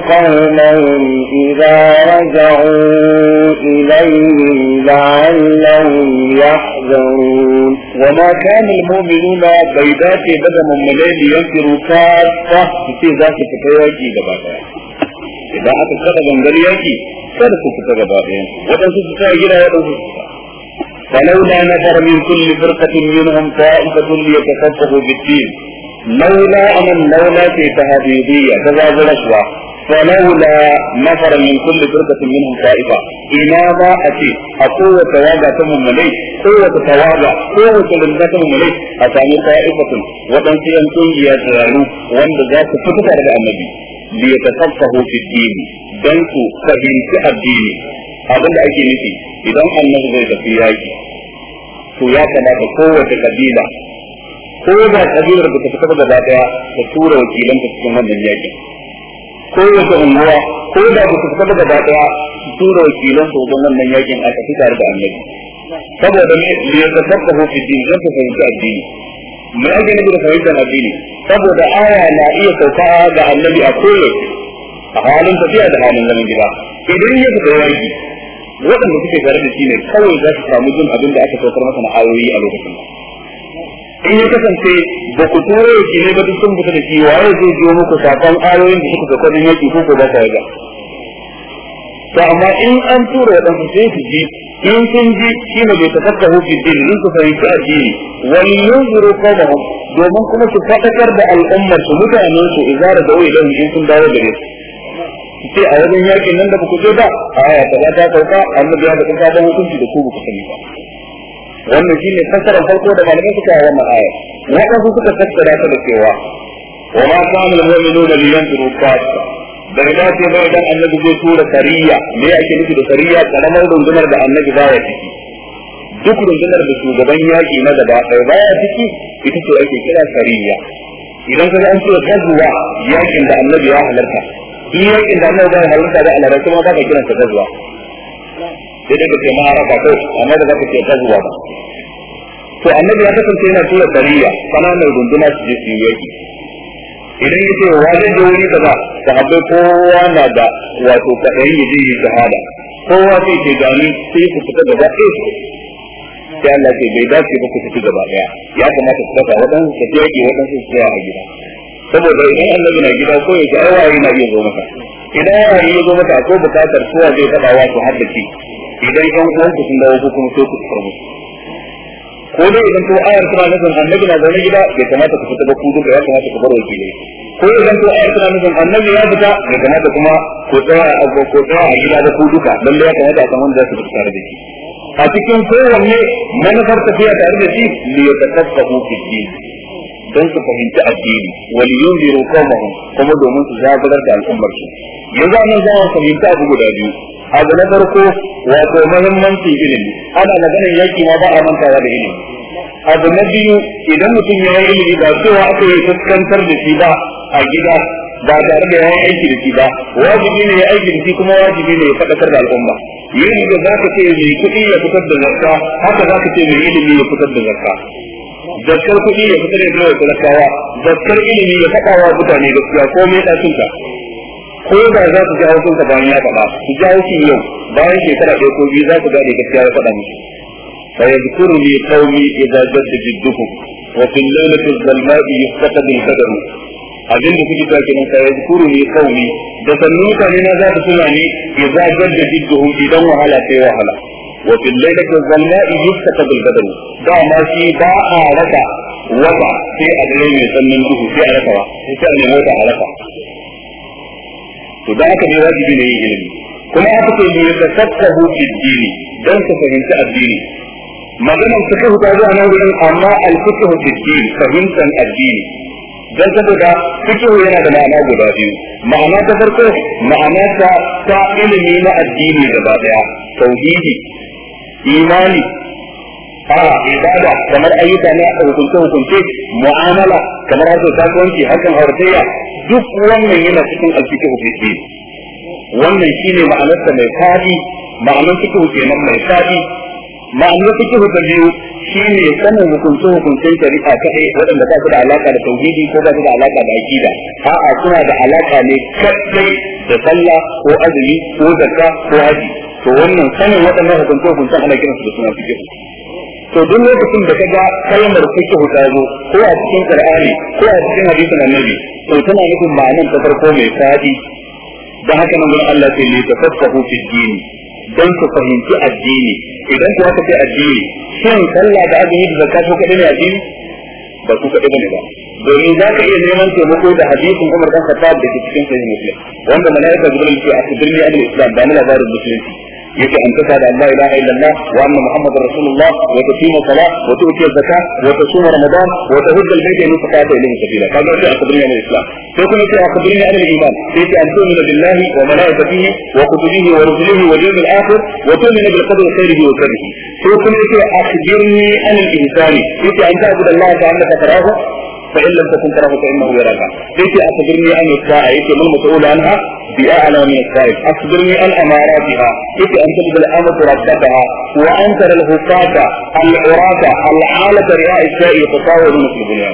قومهم إذا رجعوا إليهم لعلهم يحذرون وما كان المؤمنون بيداتي بدا من مليل ينكروا كافة في ذات فتياكي دبابا إذا أتت كذا بنجرياكي كذا ستة دبابا وتنسوا ستة إلى وتنسوا فلولا نفر من كل فرقة منهم طائفة ليتفقهوا بالدين laula anan laula ce ta hadidiyya ta zaburawa فلولا نفر من كل فرقة منهم طائفة إلى ما أتي أقوى تواجع تمهم ملي قوة تواجع قوة لنجا تمهم ملي أتاني طائفة وتنسي أن تنجي أتغالو وأن ذات فتك على النبي ليتصفه في الدين دنسو فهمت الدين abin da ake nufi idan annabi zai tafi yaki to ya kamata kowace kabila ko da kabilar da ta fita da gaba daya ta tura wakilan ta cikin wannan yaki ko wata unguwa ko da ba ta fita da gaba daya su tura wakilan ta wajen wannan yakin a tafi tare da annabi saboda me ne ya tasabbahu fi din zan ta fahimci addini me ake nufi da fahimtar addini saboda aya na iya sauka ga annabi a kullum a halin tafiya da halin zaman gida idan ya fita yaki waɗanda suke tare da shi ne kawai za su samu jin abin da aka saukar masa na ayoyi a lokacin in ya kasance ba ku tura yake ne ba duk sun fita da shi waye zai biyo muku sakon ayoyin da suka kwadin yaki ko ba ta yaga to amma in an tura waɗansu sai su ji in sun ji shi ne bai tafakka hufi din in su fahimci addini wani yunzuru kawahum domin kuma su faɗakar da al'ummar su mutanen su izara da wai don in sun dawo gare su ce a wajen yakin nan da ba ku je ba a aya ta ta sauka annabi ya da kun ta hukunci da ku ba ku sani ba wannan shine fassara farko da malamai suka yi wannan aya wadansu suka fassara ta da cewa wa ma kana al-mu'minuna liyanfiru kafa bai dace ba idan annabi zai tura sariya me ake nufi da sariya karamar rundunar da annabi baya ciki duk rundunar da shugaban yaki na gaba ɗaya baya ciki ita ce ake kira sariya idan ka an ce gazuwa yakin da annabi ya halarta duk yakin da annabi ya halarta da alarata ma ba ka kiransa gazuwa sai dai kace ma'araka ko amma da zaka ce gazuwa ba to annabi ya kasance yana tura sariya mai runduna su je su yi yaki idan ya ce wa zai je wuri kaza sahabbai kowa na da wato kaɗai ya je yi shahada kowa sai ke gani sai ku fita gaba ɗaya su sai Allah ce bai dace ba ku fita gaba ɗaya ya kamata ku kasa waɗansu su je yaki waɗansu su tsaya a gida saboda idan annabi na gida ko ya ai waye na iya zo maka idan waye yi zo maka ko bukatar kowa zai faɗa har da shi. idan yan uwan ku sun dawo ko kuma sai ku tsaro ko dai idan to ayar tana nufin annabi na zaune gida bai kamata ku fita da ku duka ya kamata ku bar ne ko idan to ayar tana nufin annabi ya fita bai kamata kuma ko tsaya a ko tsaya a gida da ku duka dan ya kamata a san wanda za su fita tare da shi a cikin kowanne manufar tafiya tare da shi li yatakaffahu fi din don su fahimci addini wal yunziru qawmahum kuma domin su zaburar da al'ummar su yanzu nan za mu fahimci abu guda biyu abu na farko wato mahimmanci ilimi ana maganin yaki ma ba a mantawa da ilimi abu na biyu idan mutum ya yi ilimi ba cewa aka yi fuskantar da shi ba a gida ba tare da yawan aiki da shi ba wajibi ne ya aiki da shi kuma wajibi ne ya faɗakar da al'umma yin da za ka ce mai kuɗi ya fitar da zakka haka za ka ce mai ilimi ya fitar da zakka zakkar kuɗi ya fitar da zakka zakkar ilimi ya faɗa mutane gaskiya ko mai ko da za ku ji haushinka bayan ya faɗa ku ji haushin yau bayan shekara ɗaya ko biyu za ku gane gaskiya ya faɗa ne فيذكر لي قومي da جد جدكم وفي الليلة الظلماء يفتقد البدر abin da kuke ta kenan sai zukuru ne kauni da sannu ka na za ta tuna ni ya za gadda jidduhu idan wahala sai wahala wa fil lailati zalma'i yustaqad al badru da ma shi ba a raka wata sai a dare mai sannan duhu sai a raka wa sai a nemi ta a raka to da aka ne wajibi ne yin ilimi kuma aka ce ne ka sakkahu fi dini ka fahimci addini maganar suka huta zuwa nan gurin amma al-fiqhu dini fahimtan addini dan saboda fiqhu yana da ma'ana guda biyu ma'ana ta farko ma'ana ta ta ilimi na addini gaba daya tauhidi imani a ibada kamar ayyuka ne a hukunce hukunce mu'amala kamar harkar kasuwanci harkar auratayya duk wannan yana cikin alfiqh fiqh wannan shi shine ma'anarsa mai fadi ma'anar fiqh kenan mai fadi ma'anar fiqh ta shi ne sanin hukunce hukuncen shari'a kadai waɗanda ba su da alaƙa da tauhidi ko ba su da alaƙa da aqida a'a suna da alaƙa ne kadai da sallah ko azumi ko zakka ko haji to wannan sanin waɗannan hukunce hukuncen ana kiransu da suna fiqh to duk lokacin da ga kalmar fiqh ta zo ko a cikin qur'ani ko a cikin hadisin annabi to tana nufin ma'anar ta farko mai fadi dan haka nan Allah ce ne tafassahu fi dini dan su fahimci addini idan ku aka ce addini shin sallah da azumi da zakka ko kadai ne addini ba su kadai bane ba domin za ka iya neman taimako da hadisin Umar dan Khattab da ke cikin sahih Muslim wanda malaika Jibril ce a birni al-Islam ba mu labarin musulunci yake an tsaka da Allah ilaha illallah wa anna muhammadar rasulullah wa tuqimu salat wa tu'ti zakat wa tusuma ramadan wa tahujju al-bayt min faqata ilayhi sabila kaga sai akhbirni an islam to kuma sai akhbirni an al-iman sai an tu'minu billahi wa malaikatihi wa kutubihi wa rusulihi wa yawmil akhir wa tu'minu bil qadri khairihi wa sharrihi to kuma sai akhbirni an al-insani sai an ta'budu Allah ta'ala ka tarahu فإن لم تكن تراه فإنه يراك ليس أخبرني عن الساعة أنت من المسؤول عنها بأعلى من السائل أخبرني عن أماراتها أنت أن تجد الأمة ربتها وأن ترى الهفاة العراة العالة رياء الشاء من في الدنيا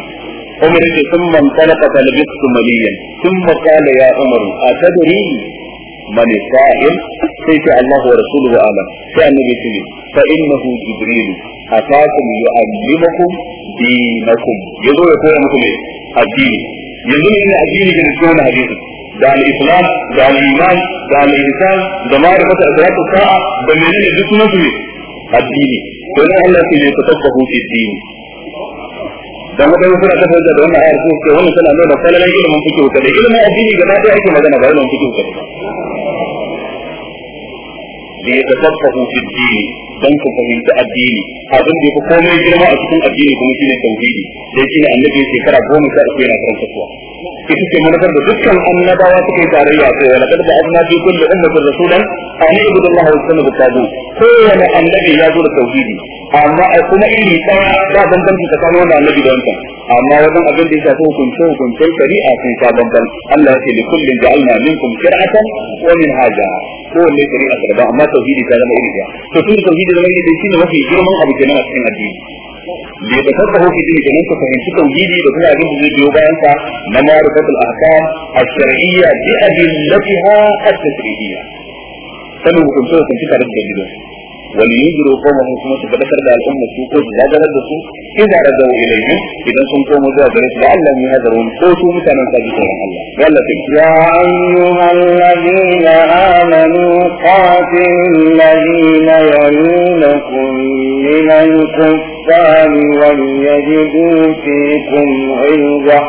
عمر ثم انطلق لبثت مليا ثم قال يا عمر أتدري من سائل كيف الله ورسوله اعلم كان النبي فانه جبريل اتاكم يعلمكم دينكم يزور يقول لكم إيه؟ الدين يزور ان الدين كان يسمعون حديثا دع الاسلام دع الايمان دع الانسان دع معرفه ادراك الساعه بالنبي يزور لكم الدين كل الله في يتفقه في الدين dan wata yin kuna tafiya da wani ayar kuma ke wani sana nuna sai lalai ilimin kuke wuta da ilimin addini ga na ɗaya ake magana ga ilimin kuke wuta da da ya tasaffahu fi dini don ku fahimci addini abin da yafi komai girma a cikin addini kuma shine tauhidi dai shine annabi shekara goma sha uku yana karanta suwa ita ce manufar da dukkan annabawa suke tarayya sai wala kad da azna fi kulli ummatin rasulan an ibudu Allah wa sunna kowane annabi ya zo da tauhidi amma kuma iri daya ba bambanci tsakanin wannan annabi da wancan amma wajen abin da ya shafi hukunce hukunce shari'a sun sha bamban Allah ya ce li kullin ja'alna minkum shir'atan wa minhaja kowanne shari'a ta daban amma tauhidi ta zama iri daya to tun tauhidi zama iri daya shine mafi girman abu kenan a cikin addini ليتفقهوا في دين جنون فهمت توحيدي وكل عجيب زي بيوبانك ممارسة الأحكام الشرعية بأدلتها التشريعية فلو كنت كنت تعرف جديدها وليجروا قومهم كما تذكر بها الأمة في قوة لا جلد سوء إذا ردوا إليهم إذا كنتم قوموا ذا بريس لعلهم يهذرون قوتوا مثلا سابقون الله قال يا أيها الذين آمنوا قاتلوا الذين يلونكم من الكفر الإحسان وليجدوا فيكم عزة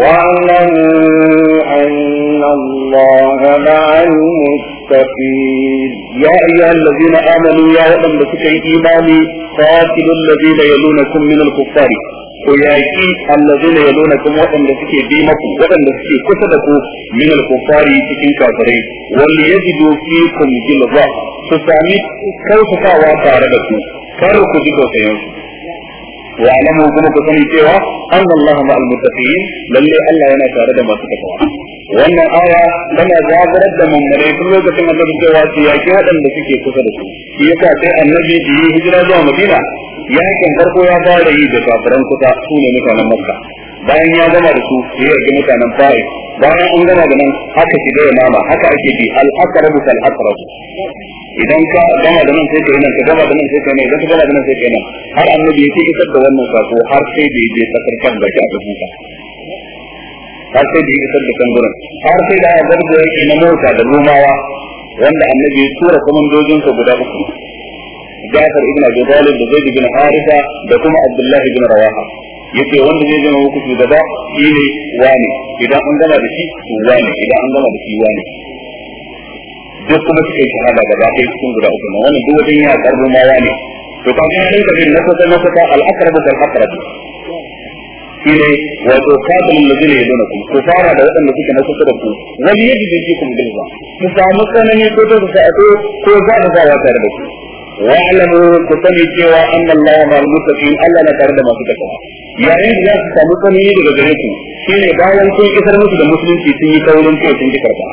واعلموا أن الله مع المستقيم يا أيها الذين آمنوا يا ومن لك إيماني قاتلوا الذين يلونكم من الكفار ويأتي الذين يلونكم وأن لك ديمكم وأن لك كسبكم من الكفار في كافرين وليجدوا فيكم جلظة فسامي كيف تعوى تعرفكم kar ku ji tausayin su wa alamu kuma ku sani cewa annallahu ma'al muttaqin lalle Allah yana tare da masu takwa wannan aya tana zaburar da mummunai tun lokacin annabi cewa su yaki waɗanda suke kusa da su shi yasa sai annabi da yi hijira zuwa Madina yakin farko ya fara yi da kafiran kusa su ne mutanen Makka bayan ya gama da su ya yarda mutanen fa'i bayan an gama da nan haka shi ya nama haka ake bi al-aqrabu kal aqrabu idan ka gama da nan sai kai nan ka gama da nan sai kai nan idan ka gama da nan sai kai nan har annabi yake isar da wannan sako har sai da je tsakar kan da ka buka har sai da isar da kan har sai da ya garbo yake na mota da rumawa wanda annabi ya tura komandojinsa guda uku Jafar ibn Abi Talib da Zaid ibn Haritha da kuma Abdullah ibn Rawaha yace wanda zai zama muku shugaba shi ne wani idan an gama da shi to wani idan an gama da shi wani duk kuma suka yi shahada gaba ɗaya cikin guda uku nan wannan duk wajen ya karbo ma wani to kan kuma sai ka bin na kusa na kusa al-aqrab wal aqrab shi ne wato kafin lazina ya zana kuma ku fara da waɗanda suke na kusa da ku wani yadda zai ji kuma bilba ku samu tsanani ko ta kusa a ko za ta sa tare da ku wa'alamu ku sani cewa annallaha ma'al muttaqin Allah na tare da masu takawa yayin da za su samu tsanani daga gare su ne bayan sun kisar musu da musulunci sun yi taurin kai sun ji karba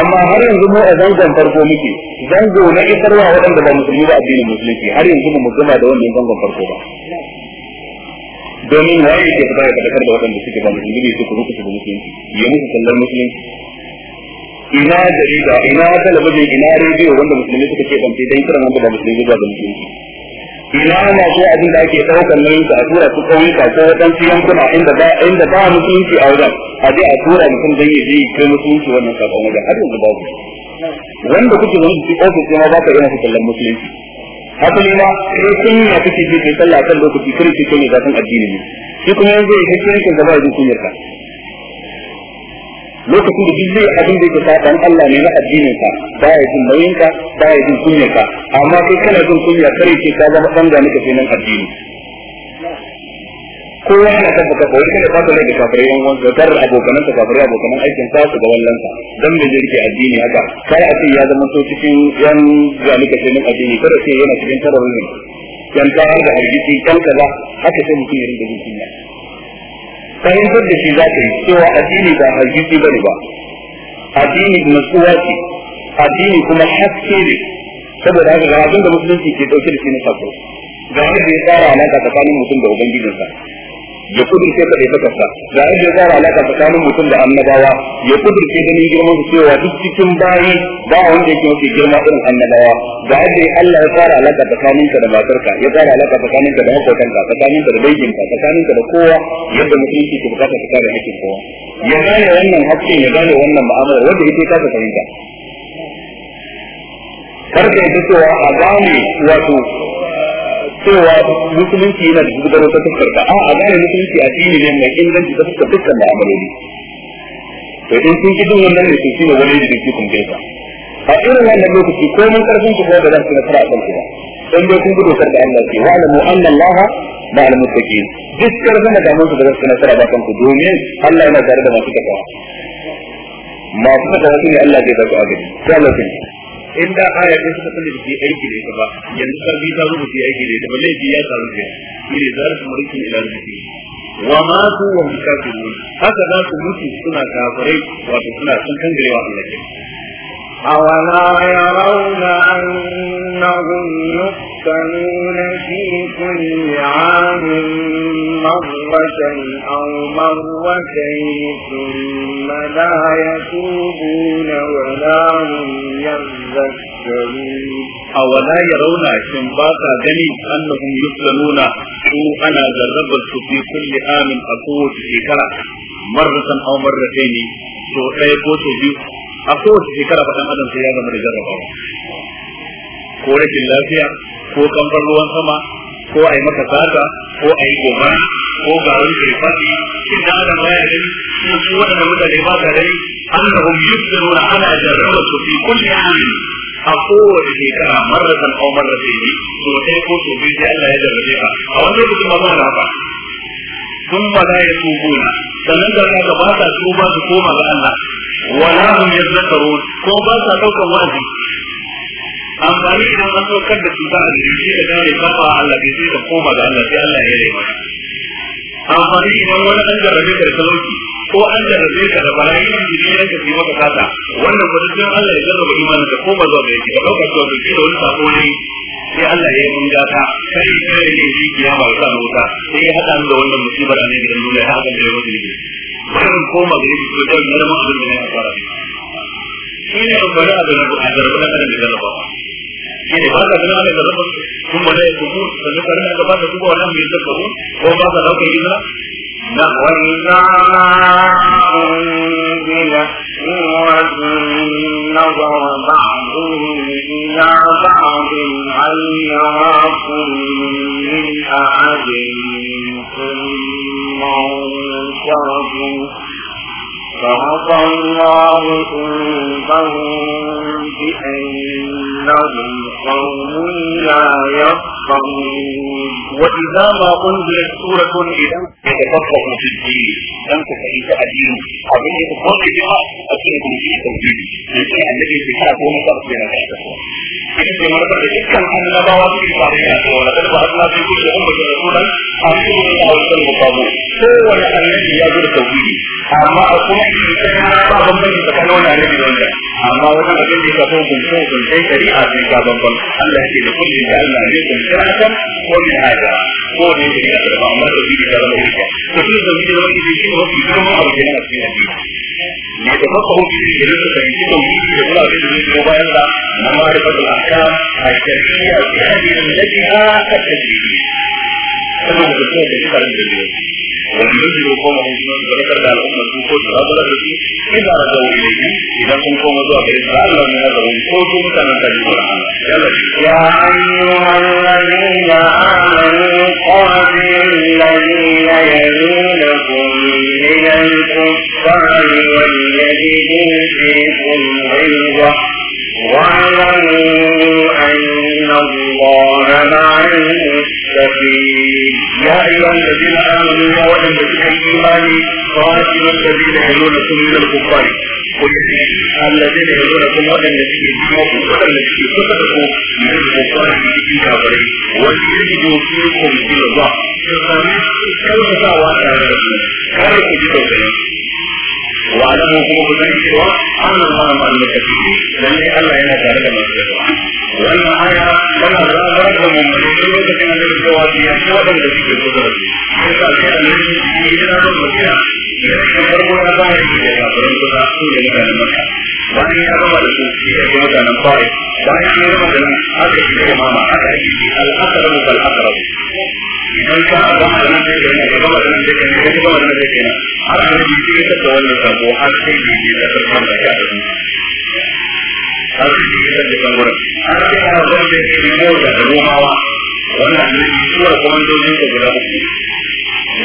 amma har yanzu mu a zangon farko muke zango na isarwa waɗanda ba musulmi ba addinin musulunci har yanzu mu gama da wannan zangon farko ba domin waye ke fita ya fadakar da waɗanda suke ba musulmi ne su ku rukuta da musulunci ya musu sallar musulunci ina jarida ina talabijin ina rediyo wanda musulmi suka ce ban sai dan kiran wanda ba musulmi ba da musulunci ina ko abin da ake ɗaukar nauyin su a tura su ƙauyuka ko waɗansu yankuna inda ba inda ba musulunci a wajen a je a tura mutum don ya je kai musulunci wannan sakon wajen har yanzu babu wanda kuke zama su ofis ne ma ba ka yana su kallon musulunci hasali ma sai sun yi kake ji kai sallah kan lokaci kare kike ne zafin addini ne shi kuma yanzu ya kike kin gaba da kunyarka lokacin da duk zai abin da ke saban Allah ne na addinin ka ba ya jin nauyin ka ba jin kunya ka amma kai kana jin kunya kare ke ka zama dan gani ka nan addini kowa na tabbata ko wani kana ta da kafirai yan wanda kar abokanan ka kafirai abokanan aikin sa su ga wallan sa dan me yake addini haka kai a ce ya zama so cikin yan gani ka nan addini kada sai yana cikin ne, yan ta da hargitsi kan kaza haka sai mutum ya da jin kunya fahimtar da shi za ka yi cewa addini ba hargitsi ba ne ba addini nutsuwa ce addini kuma haske ne saboda haka ga abin da musulunci ke dauke da shi na sako ga yadda ya tsara alaƙa tsakanin mutum da ubangijinsa ya kudurce ka ɗaya kansa da yadda ya tsara alaƙa tsakanin mutum da annabawa ya kudurce ganin girman su cewa duk cikin bayi ba wanda yake mafi girma irin annabawa da yadda Allah ya fara alaƙa tsakanin ka da matarka ya tsara alaƙa tsakanin ka da makotanka tsakanin ka da danginka tsakanin ka da kowa yadda mutum yake bukata ka kare hakkin kowa ya gane wannan hakkin ya gane wannan ma'amala wanda yake kasa fahimta karka yi cewa a gane wato cewa musulunci yana da gudanar ta fuskar ka a a gane musulunci a cikin ne mai inganci ta fuskar dukkan da amaloli to in sun ji dun wannan ne shi ne wani da ke kun gaisa a irin wannan lokaci ko mun karfin ku ko da zan tsara a kanku ba dan dai kun gudu da Allah ce wa lamu anna Allah ba al mutaqin duk karfin da mun da zan fara a ku, domin Allah yana tare da masu takawa masu takawa ne Allah zai ba su agaji sai Allah in da aya ɗaya suka sani da ke aiki da ita ba yanzu sarbi ta zo su aiki da ita ba laifi ya samu ke shi ne za su mulki ila rufi wa ma su wa mutafirun haka za su mutu suna kafirai wato suna sun kangarewa Allah ke أولا يرون أنهم يفتنون في كل عام مرة أو مرتين ثم لا يتوبون ولا هم يذكرون أولا يرون شنباتا جني أنهم يفتنون شو أنا جربت في كل عام أقول كرة مرة أو مرتين سو أي ko a kowace shekara faɗan adam sai ya zama da jarrabawa ko rashin lafiya ko kamfan ruwan sama ko a yi maka sata ko a yi gobara ko ga wani ke fasi idan adam baya gani kuma su waɗanda mutane ba sa gani annahum yusiruna ana jarraba su fi kulli amin a kowace shekara marratan aw marratayn to sai ko to bi sai Allah ya jarrabe ka a wannan lokacin ma ba haka sun ba za ya tubo sannan da ka ba sa tuba su koma ga Allah wala hum yadhakkarun ko ba sa daukan wa'azi amfani idan an saukar da cuta a jikin shi da gane ba ba Allah bai sai ka koma ga Allah sai Allah ya yi maka amfani idan wani an jarabe ka da talauci ko an jarrabe ka da bala'i da ya ka sai maka kasa wannan ba duk Allah ya jarraba imanin ka koma zuwa ga yake ka dauka cewa bai da wani sako ne sai Allah ya yi mun gata kai kai ne shi kiyama ka wuta sai ya hada da wannan musibar a ne gidan duniya har haɗa da yau da ba zan koma gare shi to dan nan abin da ya fara shi ne amfani a zarrabu a zarrabu na adam da zarrabawa shi ne ba sa ganin ana zarrabu sun ba da ya kuku sannan karin aka ba ta duba wannan mai ko ba sa daukar gizira na فوق الله انظرهم بأنهم قوم لا يفقهون وإذا ما أنزلت سورة إذا تتفقه في الدين لم تفهم الدين أظن تفرق بها أكيد في التوحيد لكن الذي تشاء هو بين الأشخاص إذا كما أن نبوات في الصحيحات ولقد بعثنا في كل أمة رسولا أن يؤمنوا أو يسلموا قابوس هو الذي يجب التوحيد أما أقول bambanci tsakanin wannan annabi da wannan amma wannan abin da ya kafa hukunce hukunce shari'a sun sha bambam Allah ce da kullum da Allah ne kun shirata ko min haja ko ne da ya amma da shi da zama hujja to tun da shi da wani shi ne da yana cikin addini ne da kafa hukunce da ya fahimci tauhidi da da zai zo bayan da na ma'rifatul ahkam al-shar'iyya bi da al-lajha at-tajridiyya saboda da shi da shi yurjiru qawma min dini wa lakad al-umma tu ko ta bala da shi idan da wani ne idan kun koma zuwa gare shi Allah ne da wani ko kun kana da shi ya ayyuhal ladina amanu qatil ladina yalunakum min al-kuffari wal ghayra wa'lamu أيها الذين آمنوا يا وجد في الإيمان قاتل الذين يلونكم من الكفار الذين يلونكم وأن يسكنكم وأن يسكنكم من الكفار في كافرين وليجدوا فيكم غلظة كيف تعوى كان يجدوا واعلموا كما كنت أن الله مع المتقين لأن الله ينادى لنا wannan aya tana zabar da mummuni duk lokacin da suke wasu ya shi waɗanda suke kusa da su sai sa sai da nan shi yana da mutiya ya farko ya ba ya da kafirin kusa su ne mutanen maka bayan ya ba da su shi ya kuma mutanen fari bayan ya ne da nan aka shi da mama aka shi shi al'akaramu fal'akaramu idan ka gama da nan sai ka ne ka da nan sai ka ne ka da nan sai ka ne yi shi ya wannan sabo har sai da ya tattawa da ya har su yi da kan har sai ana zama da ke rimo da romawa wannan ne suwar kwamandojin ko guda uku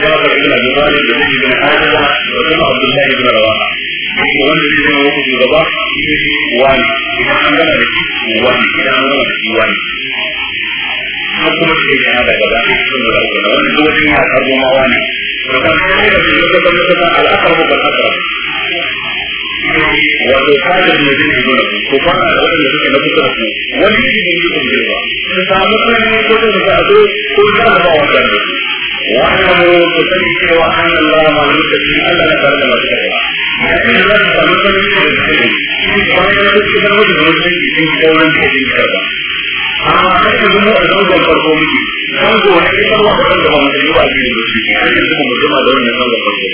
jafar ibn abi talib da zai ibn hajjaba da kuma abdullahi ibn rawaha yake wanda zai zama muku shugaba wani idan an gana da shi wani idan an gana da shi wani har kuma su yi yana da gaba ɗaya cikin guda uku da wannan duk wajen yana karbo mawa ne da kuma da su yi kasar da ta al'akar mu kan akar wato kada da mutum ne dole ko fa da wanda suke na kusa da su wani ne ne ne kuma girma su samu sanin ko da za a zo ko da ba wanda ne wa'lamu ku sani cewa anna Allah ma yuka bi Allah na tare da masu kafa yayin da za ku samu sanin ko da shi bayan da kuke da wani mutum ne din ko wani da din kaza amma kai da mu a zangon farko muke zango ne kuma wanda ba mu da yawa ne da shi da mu zama da wannan zangon farko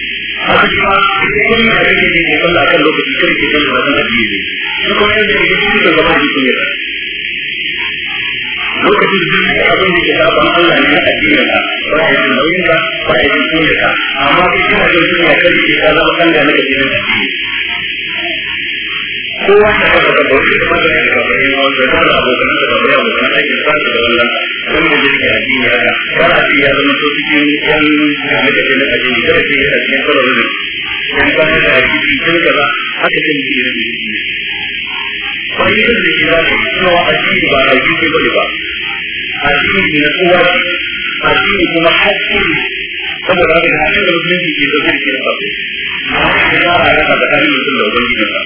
haka shi ma idan yin da kake yi ne sallah kan lokaci kar ke kan da addini ne shi kuma yanda yake shi da zama ji ne lokacin da duk da abin da ke da ban Allah ne na addinin ka ba ya jin nauyin ka ba ya jin kunya ka amma kai kana jin kunya kar ke ka zama kan da na addinin addini kowa ta fara da bauti da fara da kamar yin wani da abokan da kamar yin abokan aikin sa da wannan sun da jirgin addini ya da ba a ce ya zama to cikin yan kamar da na addini kada ce a cikin kwarar rubin yan kwana da hakiki tun gaba haka ce mutum ya ne. Fahimtar da ke ba su cewa addini ba a yi ba ne ba. Addini na kowa addini kuma hakki saboda haka da hakkin da musulunci ke zafi da ke na kafin. Amma da za a rasa tsakanin mutum da ubangijinsa.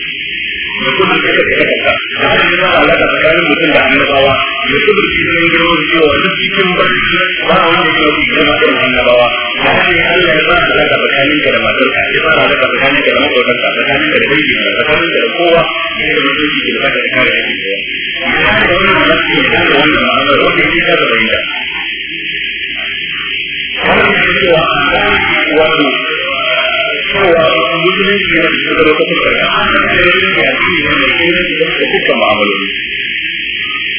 mutum an kasa kai kanka da haka ne ba alaka tsakanin mutum da annabawa ya kudurci ne ya gano cewa duk cikin barci ba wanda ya yi girma irin annabawa da haka ne Allah ya ba alaka tsakanin ka da matarka ya ba alaka tsakanin ka da makotarka tsakanin ka da dangi tsakanin ka da kowa ne da mutum ke ba baka da kare ake kowa ya da ba alaƙa ne da wannan ma'amar ba ya ta da bayyana. Wannan cewa wato cewa musulunci yana da shugaba ta fuskar sai dai ya ci ne mai kuma da dukkan ma'amaloli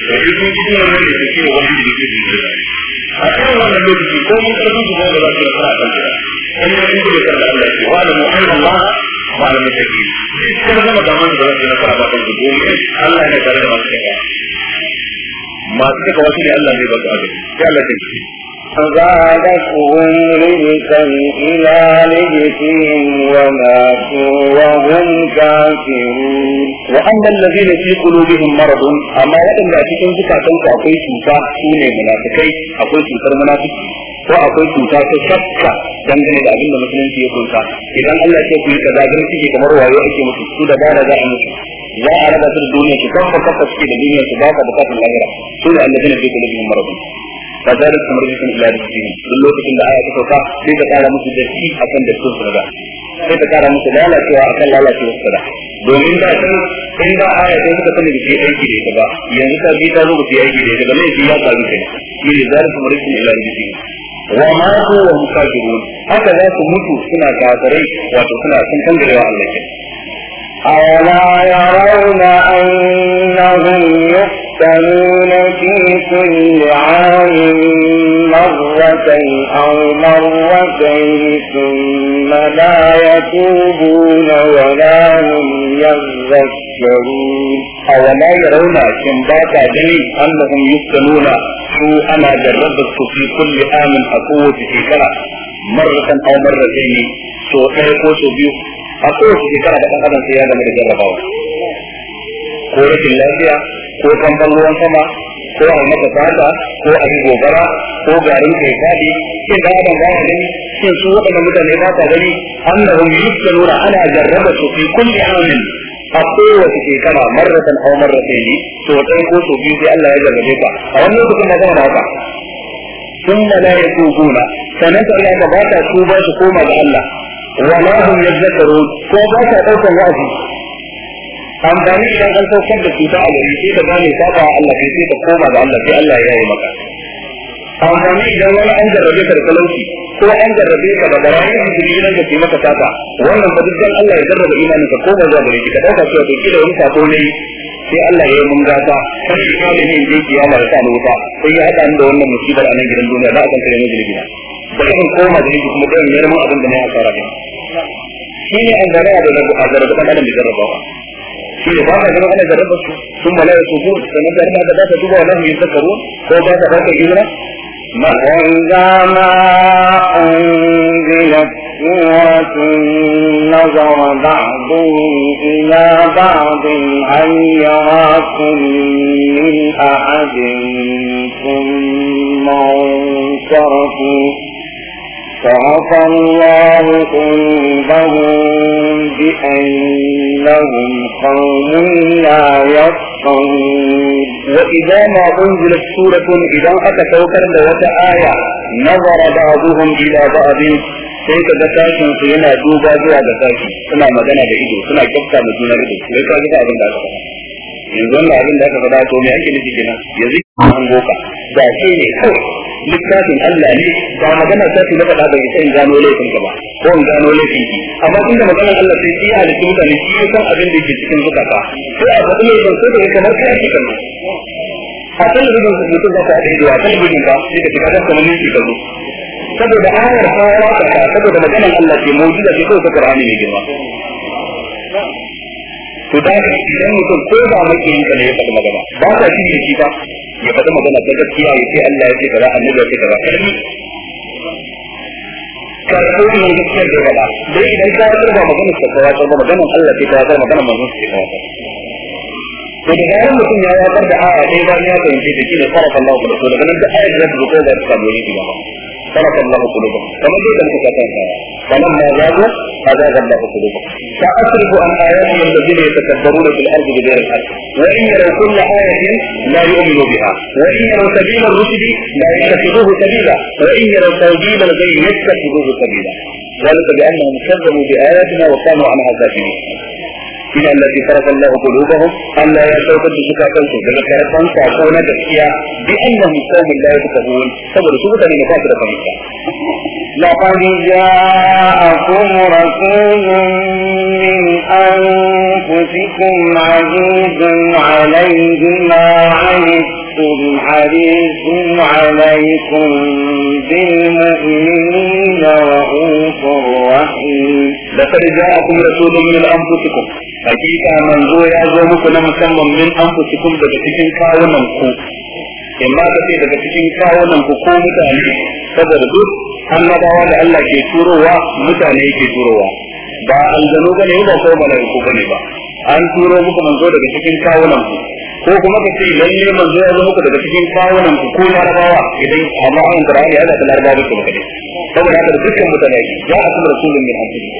da duk mutum wanda ke cewa wani da ke da a kan wannan lokaci ko mun karfin su ba za su yi fara kan jira in ya yi kuma kan Allah ce wa alamu an Allah ma alamu ta ke zama da man da za su yi fara kan su gobe Allah ne tare da masu daga masu daga wasu ne Allah ne ba su agaji sai Allah ta ke فزادتهم رجسا إلى رجسهم وماتوا وهم كافرون وأما الذين في قلوبهم مرض أما وإن أتكم تنسى أقول سوطا سوني منافقين أقول سوطا منافقين ko akwai cuta ta shakka dangane da abin da musulunci ya kunsa idan Allah ya ku yi kaza gari suke kamar wayo ake musu su da bara za a musu za a raba su duniya ki kafa kafa suke da duniya su ba ka bukatun lahira su da Allah ne da kulubin maradun fa zalika marji'un ila jini duk lokacin da aya ta sauka sai ta kara musu datti akan dattin su da sai ta kara musu lalacewa akan lalacewa su da domin da san in da aya ta suka sani da shi aiki da ita ba yanzu ta bi ta zo ku aiki da ita ga mai shi ya faru kenan shi ne zalika marji'un ila jini. wa ma su wa mukafirun haka za su mutu suna kafirai wato suna sun kangarewa Allah ke أولا يرون أنهم يفتنون يفتنون في كل عام مرة أو مرتين ثم لا يتوبون ولا هم يذكرون أولا يرون كم باتا جني أنهم يفتنون شو أنا جربت في كل عام أقوة في كرة مرة أو مرتين سوء أو سوء بيو أقوة في كرة بأن أنا سيادة من الجربات ko rashin lafiya ko kamfan ruwan sama ko a maka fata ko a yi gobara ko garin kai fadi shin da adam ba gani shin su waɗannan mutane ba ta gani annahum yuskanuna ana jarraba su fi kulli amin a kowace shekara marratan aw marratayn to dai ko so biyu sai Allah ya jarrabe ka a wannan lokacin magana da haka ثم ba ta سنسأل أن باتا توبا تقوم بألا وما هم يذكرون ko ba ta ɗaukar wa'azi amfani idan an saukar da cuta a wani sai ka gane saba wa Allah kai sai ka koma ga Allah sai Allah ya yi maka amfani idan wani an jarrabe ka da talauci ko an jarrabe ka da barayin jiki gidan da ke maka saba wannan ba dukkan Allah ya jarraba imanin ka koma zuwa gare shi ka dauka cewa to kila wani sako ne sai Allah ya yi mun gata kan shi kawai ne zai kiyama da sa ni wuta sai ya haɗa da wannan musibar a nan gidan duniya da akan kare ne gida da kan koma da shi kuma kai ne mun abin da na ya fara ne shi ne an gane da da da kan da jarrabawa shi ne ba ka gano ana jarraba su sun mala da su zuwa sannan da Allah da ta duba wannan yin zakaru ko ba ta farka ma wanda ma unzila سورة نظر بعضهم إلى بعض هل يراكم من فعفى الله قلوبهم بأنهم قوم لا يفقهون وإذا ما أنزلت سورة إذا أتى كوكر آية نظر بعضهم إلى بعض sai ka ga tashin su yana duba zuwa ga tashi suna magana da ido suna kyafta da juna ido sai ka abin da aka faɗa yanzu wannan abin da aka faɗa to me ake nufi kenan yanzu an boka da shi ne kawai littafin Allah ne ba magana ta fi na faɗa ba ya in gano laifin ka ba ko in gano laifin ki amma tunda magana Allah sai shi ya halitta mutane shi ya san abin da yake cikin zukata sai a faɗi laifin sai da kamar kai ake kallo a talabijin su mutum za ka haɗa da wasan talabijin ba sai ka shiga kamar ne yi kallo saboda ayar ta saboda maganar Allah ce mu'jiza ke, kawai ta Qur'ani ne girma to da idan mutum ko ba maki yi ne ya faɗi magana ba ta shi ne shi ba ya faɗi magana ta gaskiya ya ce Allah ya ce kaza annabi ya ce kaza kalmi ka ko ne gaskiya da gaba dai idan ka yi ba magana ta kaza ta magana Allah ce kaza magana manzon ce ta to da zaran mutum ya yi da aya sai bayan ya fahimci da shi ne sarrafa Allah da so daga nan da ayar da ta zo ko da ta samu ne ba فلك الله قلوبهم فما جئت لك كتابا فلما زادوا فزاد الله قلوبهم سأصرف عن آياتي الذين يتكبرون في الأرض بغير الحق وإن يروا كل آية لا يؤمنوا بها وإن يروا سبيل الرشد لا يتخذوه سبيلا وإن يروا توجيبا الغي يتخذوه سبيلا ذلك بأنهم كذبوا بآياتنا وكانوا عنها كافرين shine Allah ya fara Allah qulubahum Allah ya saukar da zukatan su daga karfan sako na gaskiya bi annahum qawmun la yafqahun saboda su ne لقد جاءكم رسول من أنفسكم عزيز عليه ما عنتم رسول حريص عليكم بالمؤمنين رؤوف رحيم لقد جاءكم رسول من أنفسكم حقيقة من هو يعزم فلم تم من أنفسكم لتكن كاونا كون إما تكن لتكن كاونا كون تاني فبردود أن دعوة الله كي تروى متاني كي تروى ba aljanu bane ba ko bane ba an turo muku manzo daga cikin kawunan ku ko kuma ka ce lalle manzo ya zama daga cikin kawunan ku ko larabawa idan amma an qur'ani ana da larabawa ko kadai saboda haka dukkan mutane ya asu rasulun min hadisi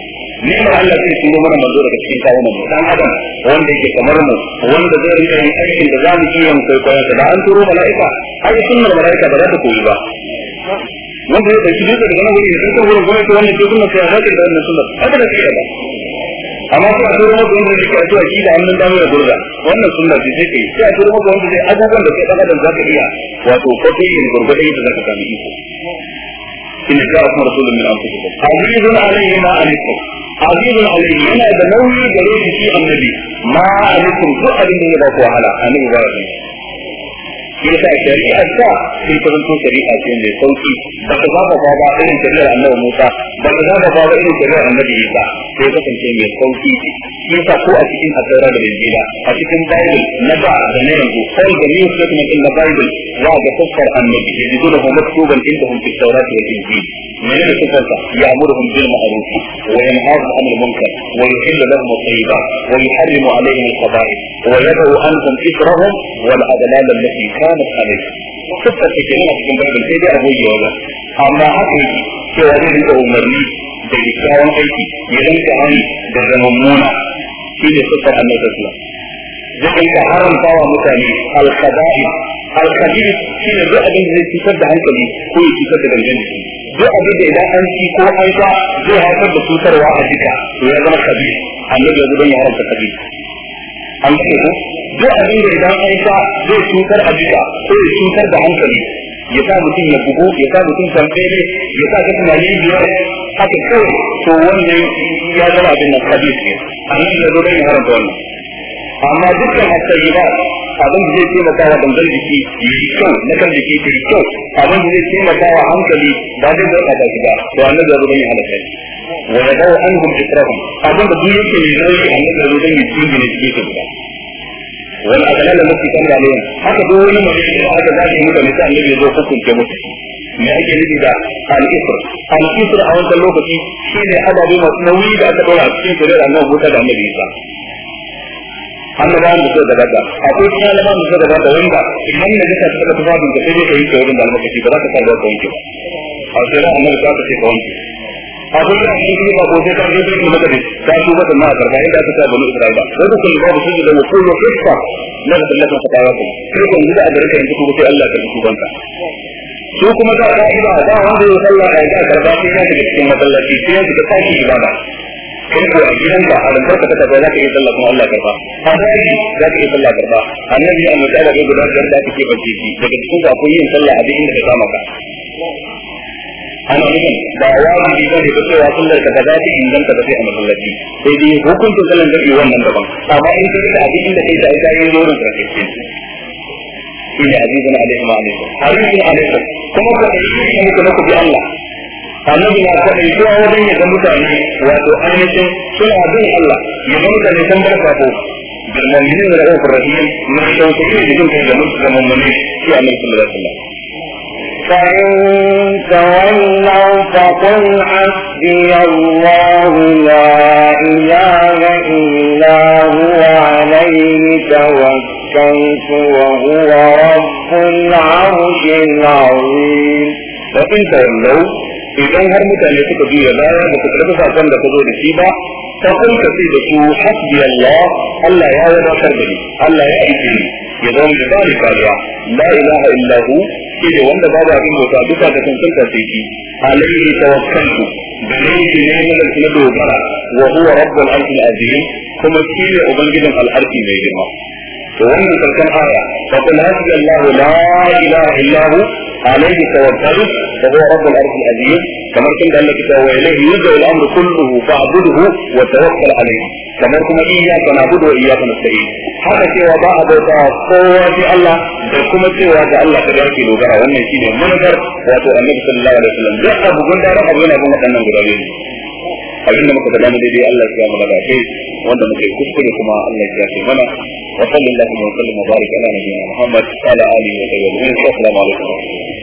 ne ma Allah zai turo mana manzo daga cikin kawunan mu dan adam wanda yake kamar mu wanda zai rika yin aikin da zamu yi yin kai kai da an turo mala'ika ai sunnar mala'ika ba za ta koyi ba wanda ya dauki dutse daga nan wuri ne kan wurin gwamnati wannan ke sunnar sai ya zaka da wannan sunnar haka da ba. amma sai a turo maka wanda shi karatu a shi da hannun damar da gurga wannan sunna ce sai kai sai a turo maka wanda zai abubuwan da kai dan adam zaka iya wato ko kai ne gurgurda yadda zaka sami iko in ja akum rasulun min anfusikum azizun alayhi ma alaikum azizun alayhi yana da nauyi gare shi annabi ma alaikum duk abin da ya ba ku wahala annabi ba ya yasa shari'ar ta sai ta zanto shari'a ce mai sauki ba ta zaba ba ba irin shari'ar annabi Musa ba ta zaba ba ba irin shari'ar annabi Isa sai kasance mai sauki yasa ko a cikin asara da injila a cikin bible na ba da na yanzu sai da new statement in the bible za ga tafsir annabi da yake da maktuban indahum fi tawrat wal injil من الكفر يأمرهم بالمعروف وينهاهم عن المنكر ويحل لهم الطيبات ويحرم عليهم الخبائث ويدعو عنهم إثرهم والأضلال التي كانوا kamus alai sukar take nan a cikin bible sai dai a gogewa ba amma haka cewa zai rika umarni da kyakkyawan aiki ya rinka hani da zamammuna shi ne sukar annabi sallallahu alaihi wasallam zai rinka haramta wa mutane alkada'i alkabiri shi ne duk abin da zai cutar da hankali ko ya cutar da gangan jiki duk abin da idan an ci ko an sha zai haifar da cutarwa a jika to ya zama annabi ya ya haramta an ce ko duk abin da idan an sha zai cutar a jika ko ya cutar da hankali ya sa mutum ya bugu ya sa mutum tambaye ya sa ka tunani biyar haka kawai to wannan ya zama abin nan hadis ne amma ya zo dai haramta wannan amma dukkan hasayyiba abin da zai taimaka wa dangar jiki ya yi kyau na kan jiki ya yi kyau abin da zai taimaka wa hankali ba zai zama da shi ba to annabi ya zo dai haramta wa yadaw anhum ikrahum abin da duk yake yi nauyi annabi ya zo dai ya jingine cikin su wani agana da mafi kan da lewan haka duk wani mutum da aka mutu mutane sai annabi ya hukunce musu me ake nufi da al-isr al-isr a wancan lokaci shine ababe masu nauyi da aka dora a cikin shari'ar annabi Musa da annabi Isa annabawan da suka gabata akwai kuma annabawan da suka gabata wanda idan na jaka suka tafi babin da sai ka yi ke da almakashi ba za ka sa ruwa wanke ba a shari'ar annabi ta ce ka wanke abin da ake yi ba ko sai ka je sai maka da ka shi wata ma karba inda aka bani Isra'ila wanda kullu ba. shi da kullu kissa na da Allah ta kawo sai kun da adarka yanzu ko sai Allah ka duba ka su kuma da ka'ida da wanda ya sallah a ga karba sai ya shiga cikin masallaci sai ya shiga tashi ibada kai ko a gidanka a rantar ka kaza za ka iya sallah kuma Allah karba a dai za ka iya sallah karba annabi a misali da guda biyar da kake bace shi daga cikin akwai yin sallah a cikin da ka kama ka ana nufin ba wajibi ba ne ba cewa sallar ka kaza ta inganta ba sai a masallaci sai dai hukuncin sallar da wannan daban amma in ka rika abin da kai sai kai yi wurin karkace shi ne alaihi wa alaihi harisun alaihi kuma ka kai shi ne kuma ku bi Allah annabi na faɗa kowa wajen ya mutane wato ainihin suna bin Allah ya ga mutane sun bar sako بالمؤمنين da رحيم da mun بدون كلمة مؤمنين في عمل صلى الله عليه وسلم فإن تولوا فقل حسبي الله لا إله إلا هو عليه توكلت وهو رب العرش العظيم فإن تولوا idan har mutane suka juya baya ba su karɓi sakon da ka zo da shi ba ta kun shi sai da su hasbi Allah Allah ya wadatar da ni Allah ya aike ni ya zama mai bani kariya la ilaha illa hu shi ne wanda babu abin bauta duka da tantanta sai shi alaihi tawakkaltu gare ne da na dogara wa huwa rabbul arshil azim kuma shi ne ubangijin al'arshi mai girma وين تلك الآية فقل حسبي الله لا إله إلا هو عليه توكل فهو رب الأرض العزيز كما قلت أن الكتاب وإليه يدعى الأمر كله فاعبده وتوكل عليه كما كما إياك نعبد وإياك نستعين هذا سوى بعض قوة الله كما سوى الله قد يأتي لغرى وأن يسيني المنكر وأتوى النبي صلى الله عليه وسلم جاء أبو جندر أبو جندر أبو جندر أبو abinda muka faɗa na daidai Allah ya mu daga kai wanda muke kuskure kuma Allah ya ce mana wa sallallahu wa sallam wa baraka ala nabiyyina Muhammad wa ala alihi wa sahbihi wa sallam assalamu alaikum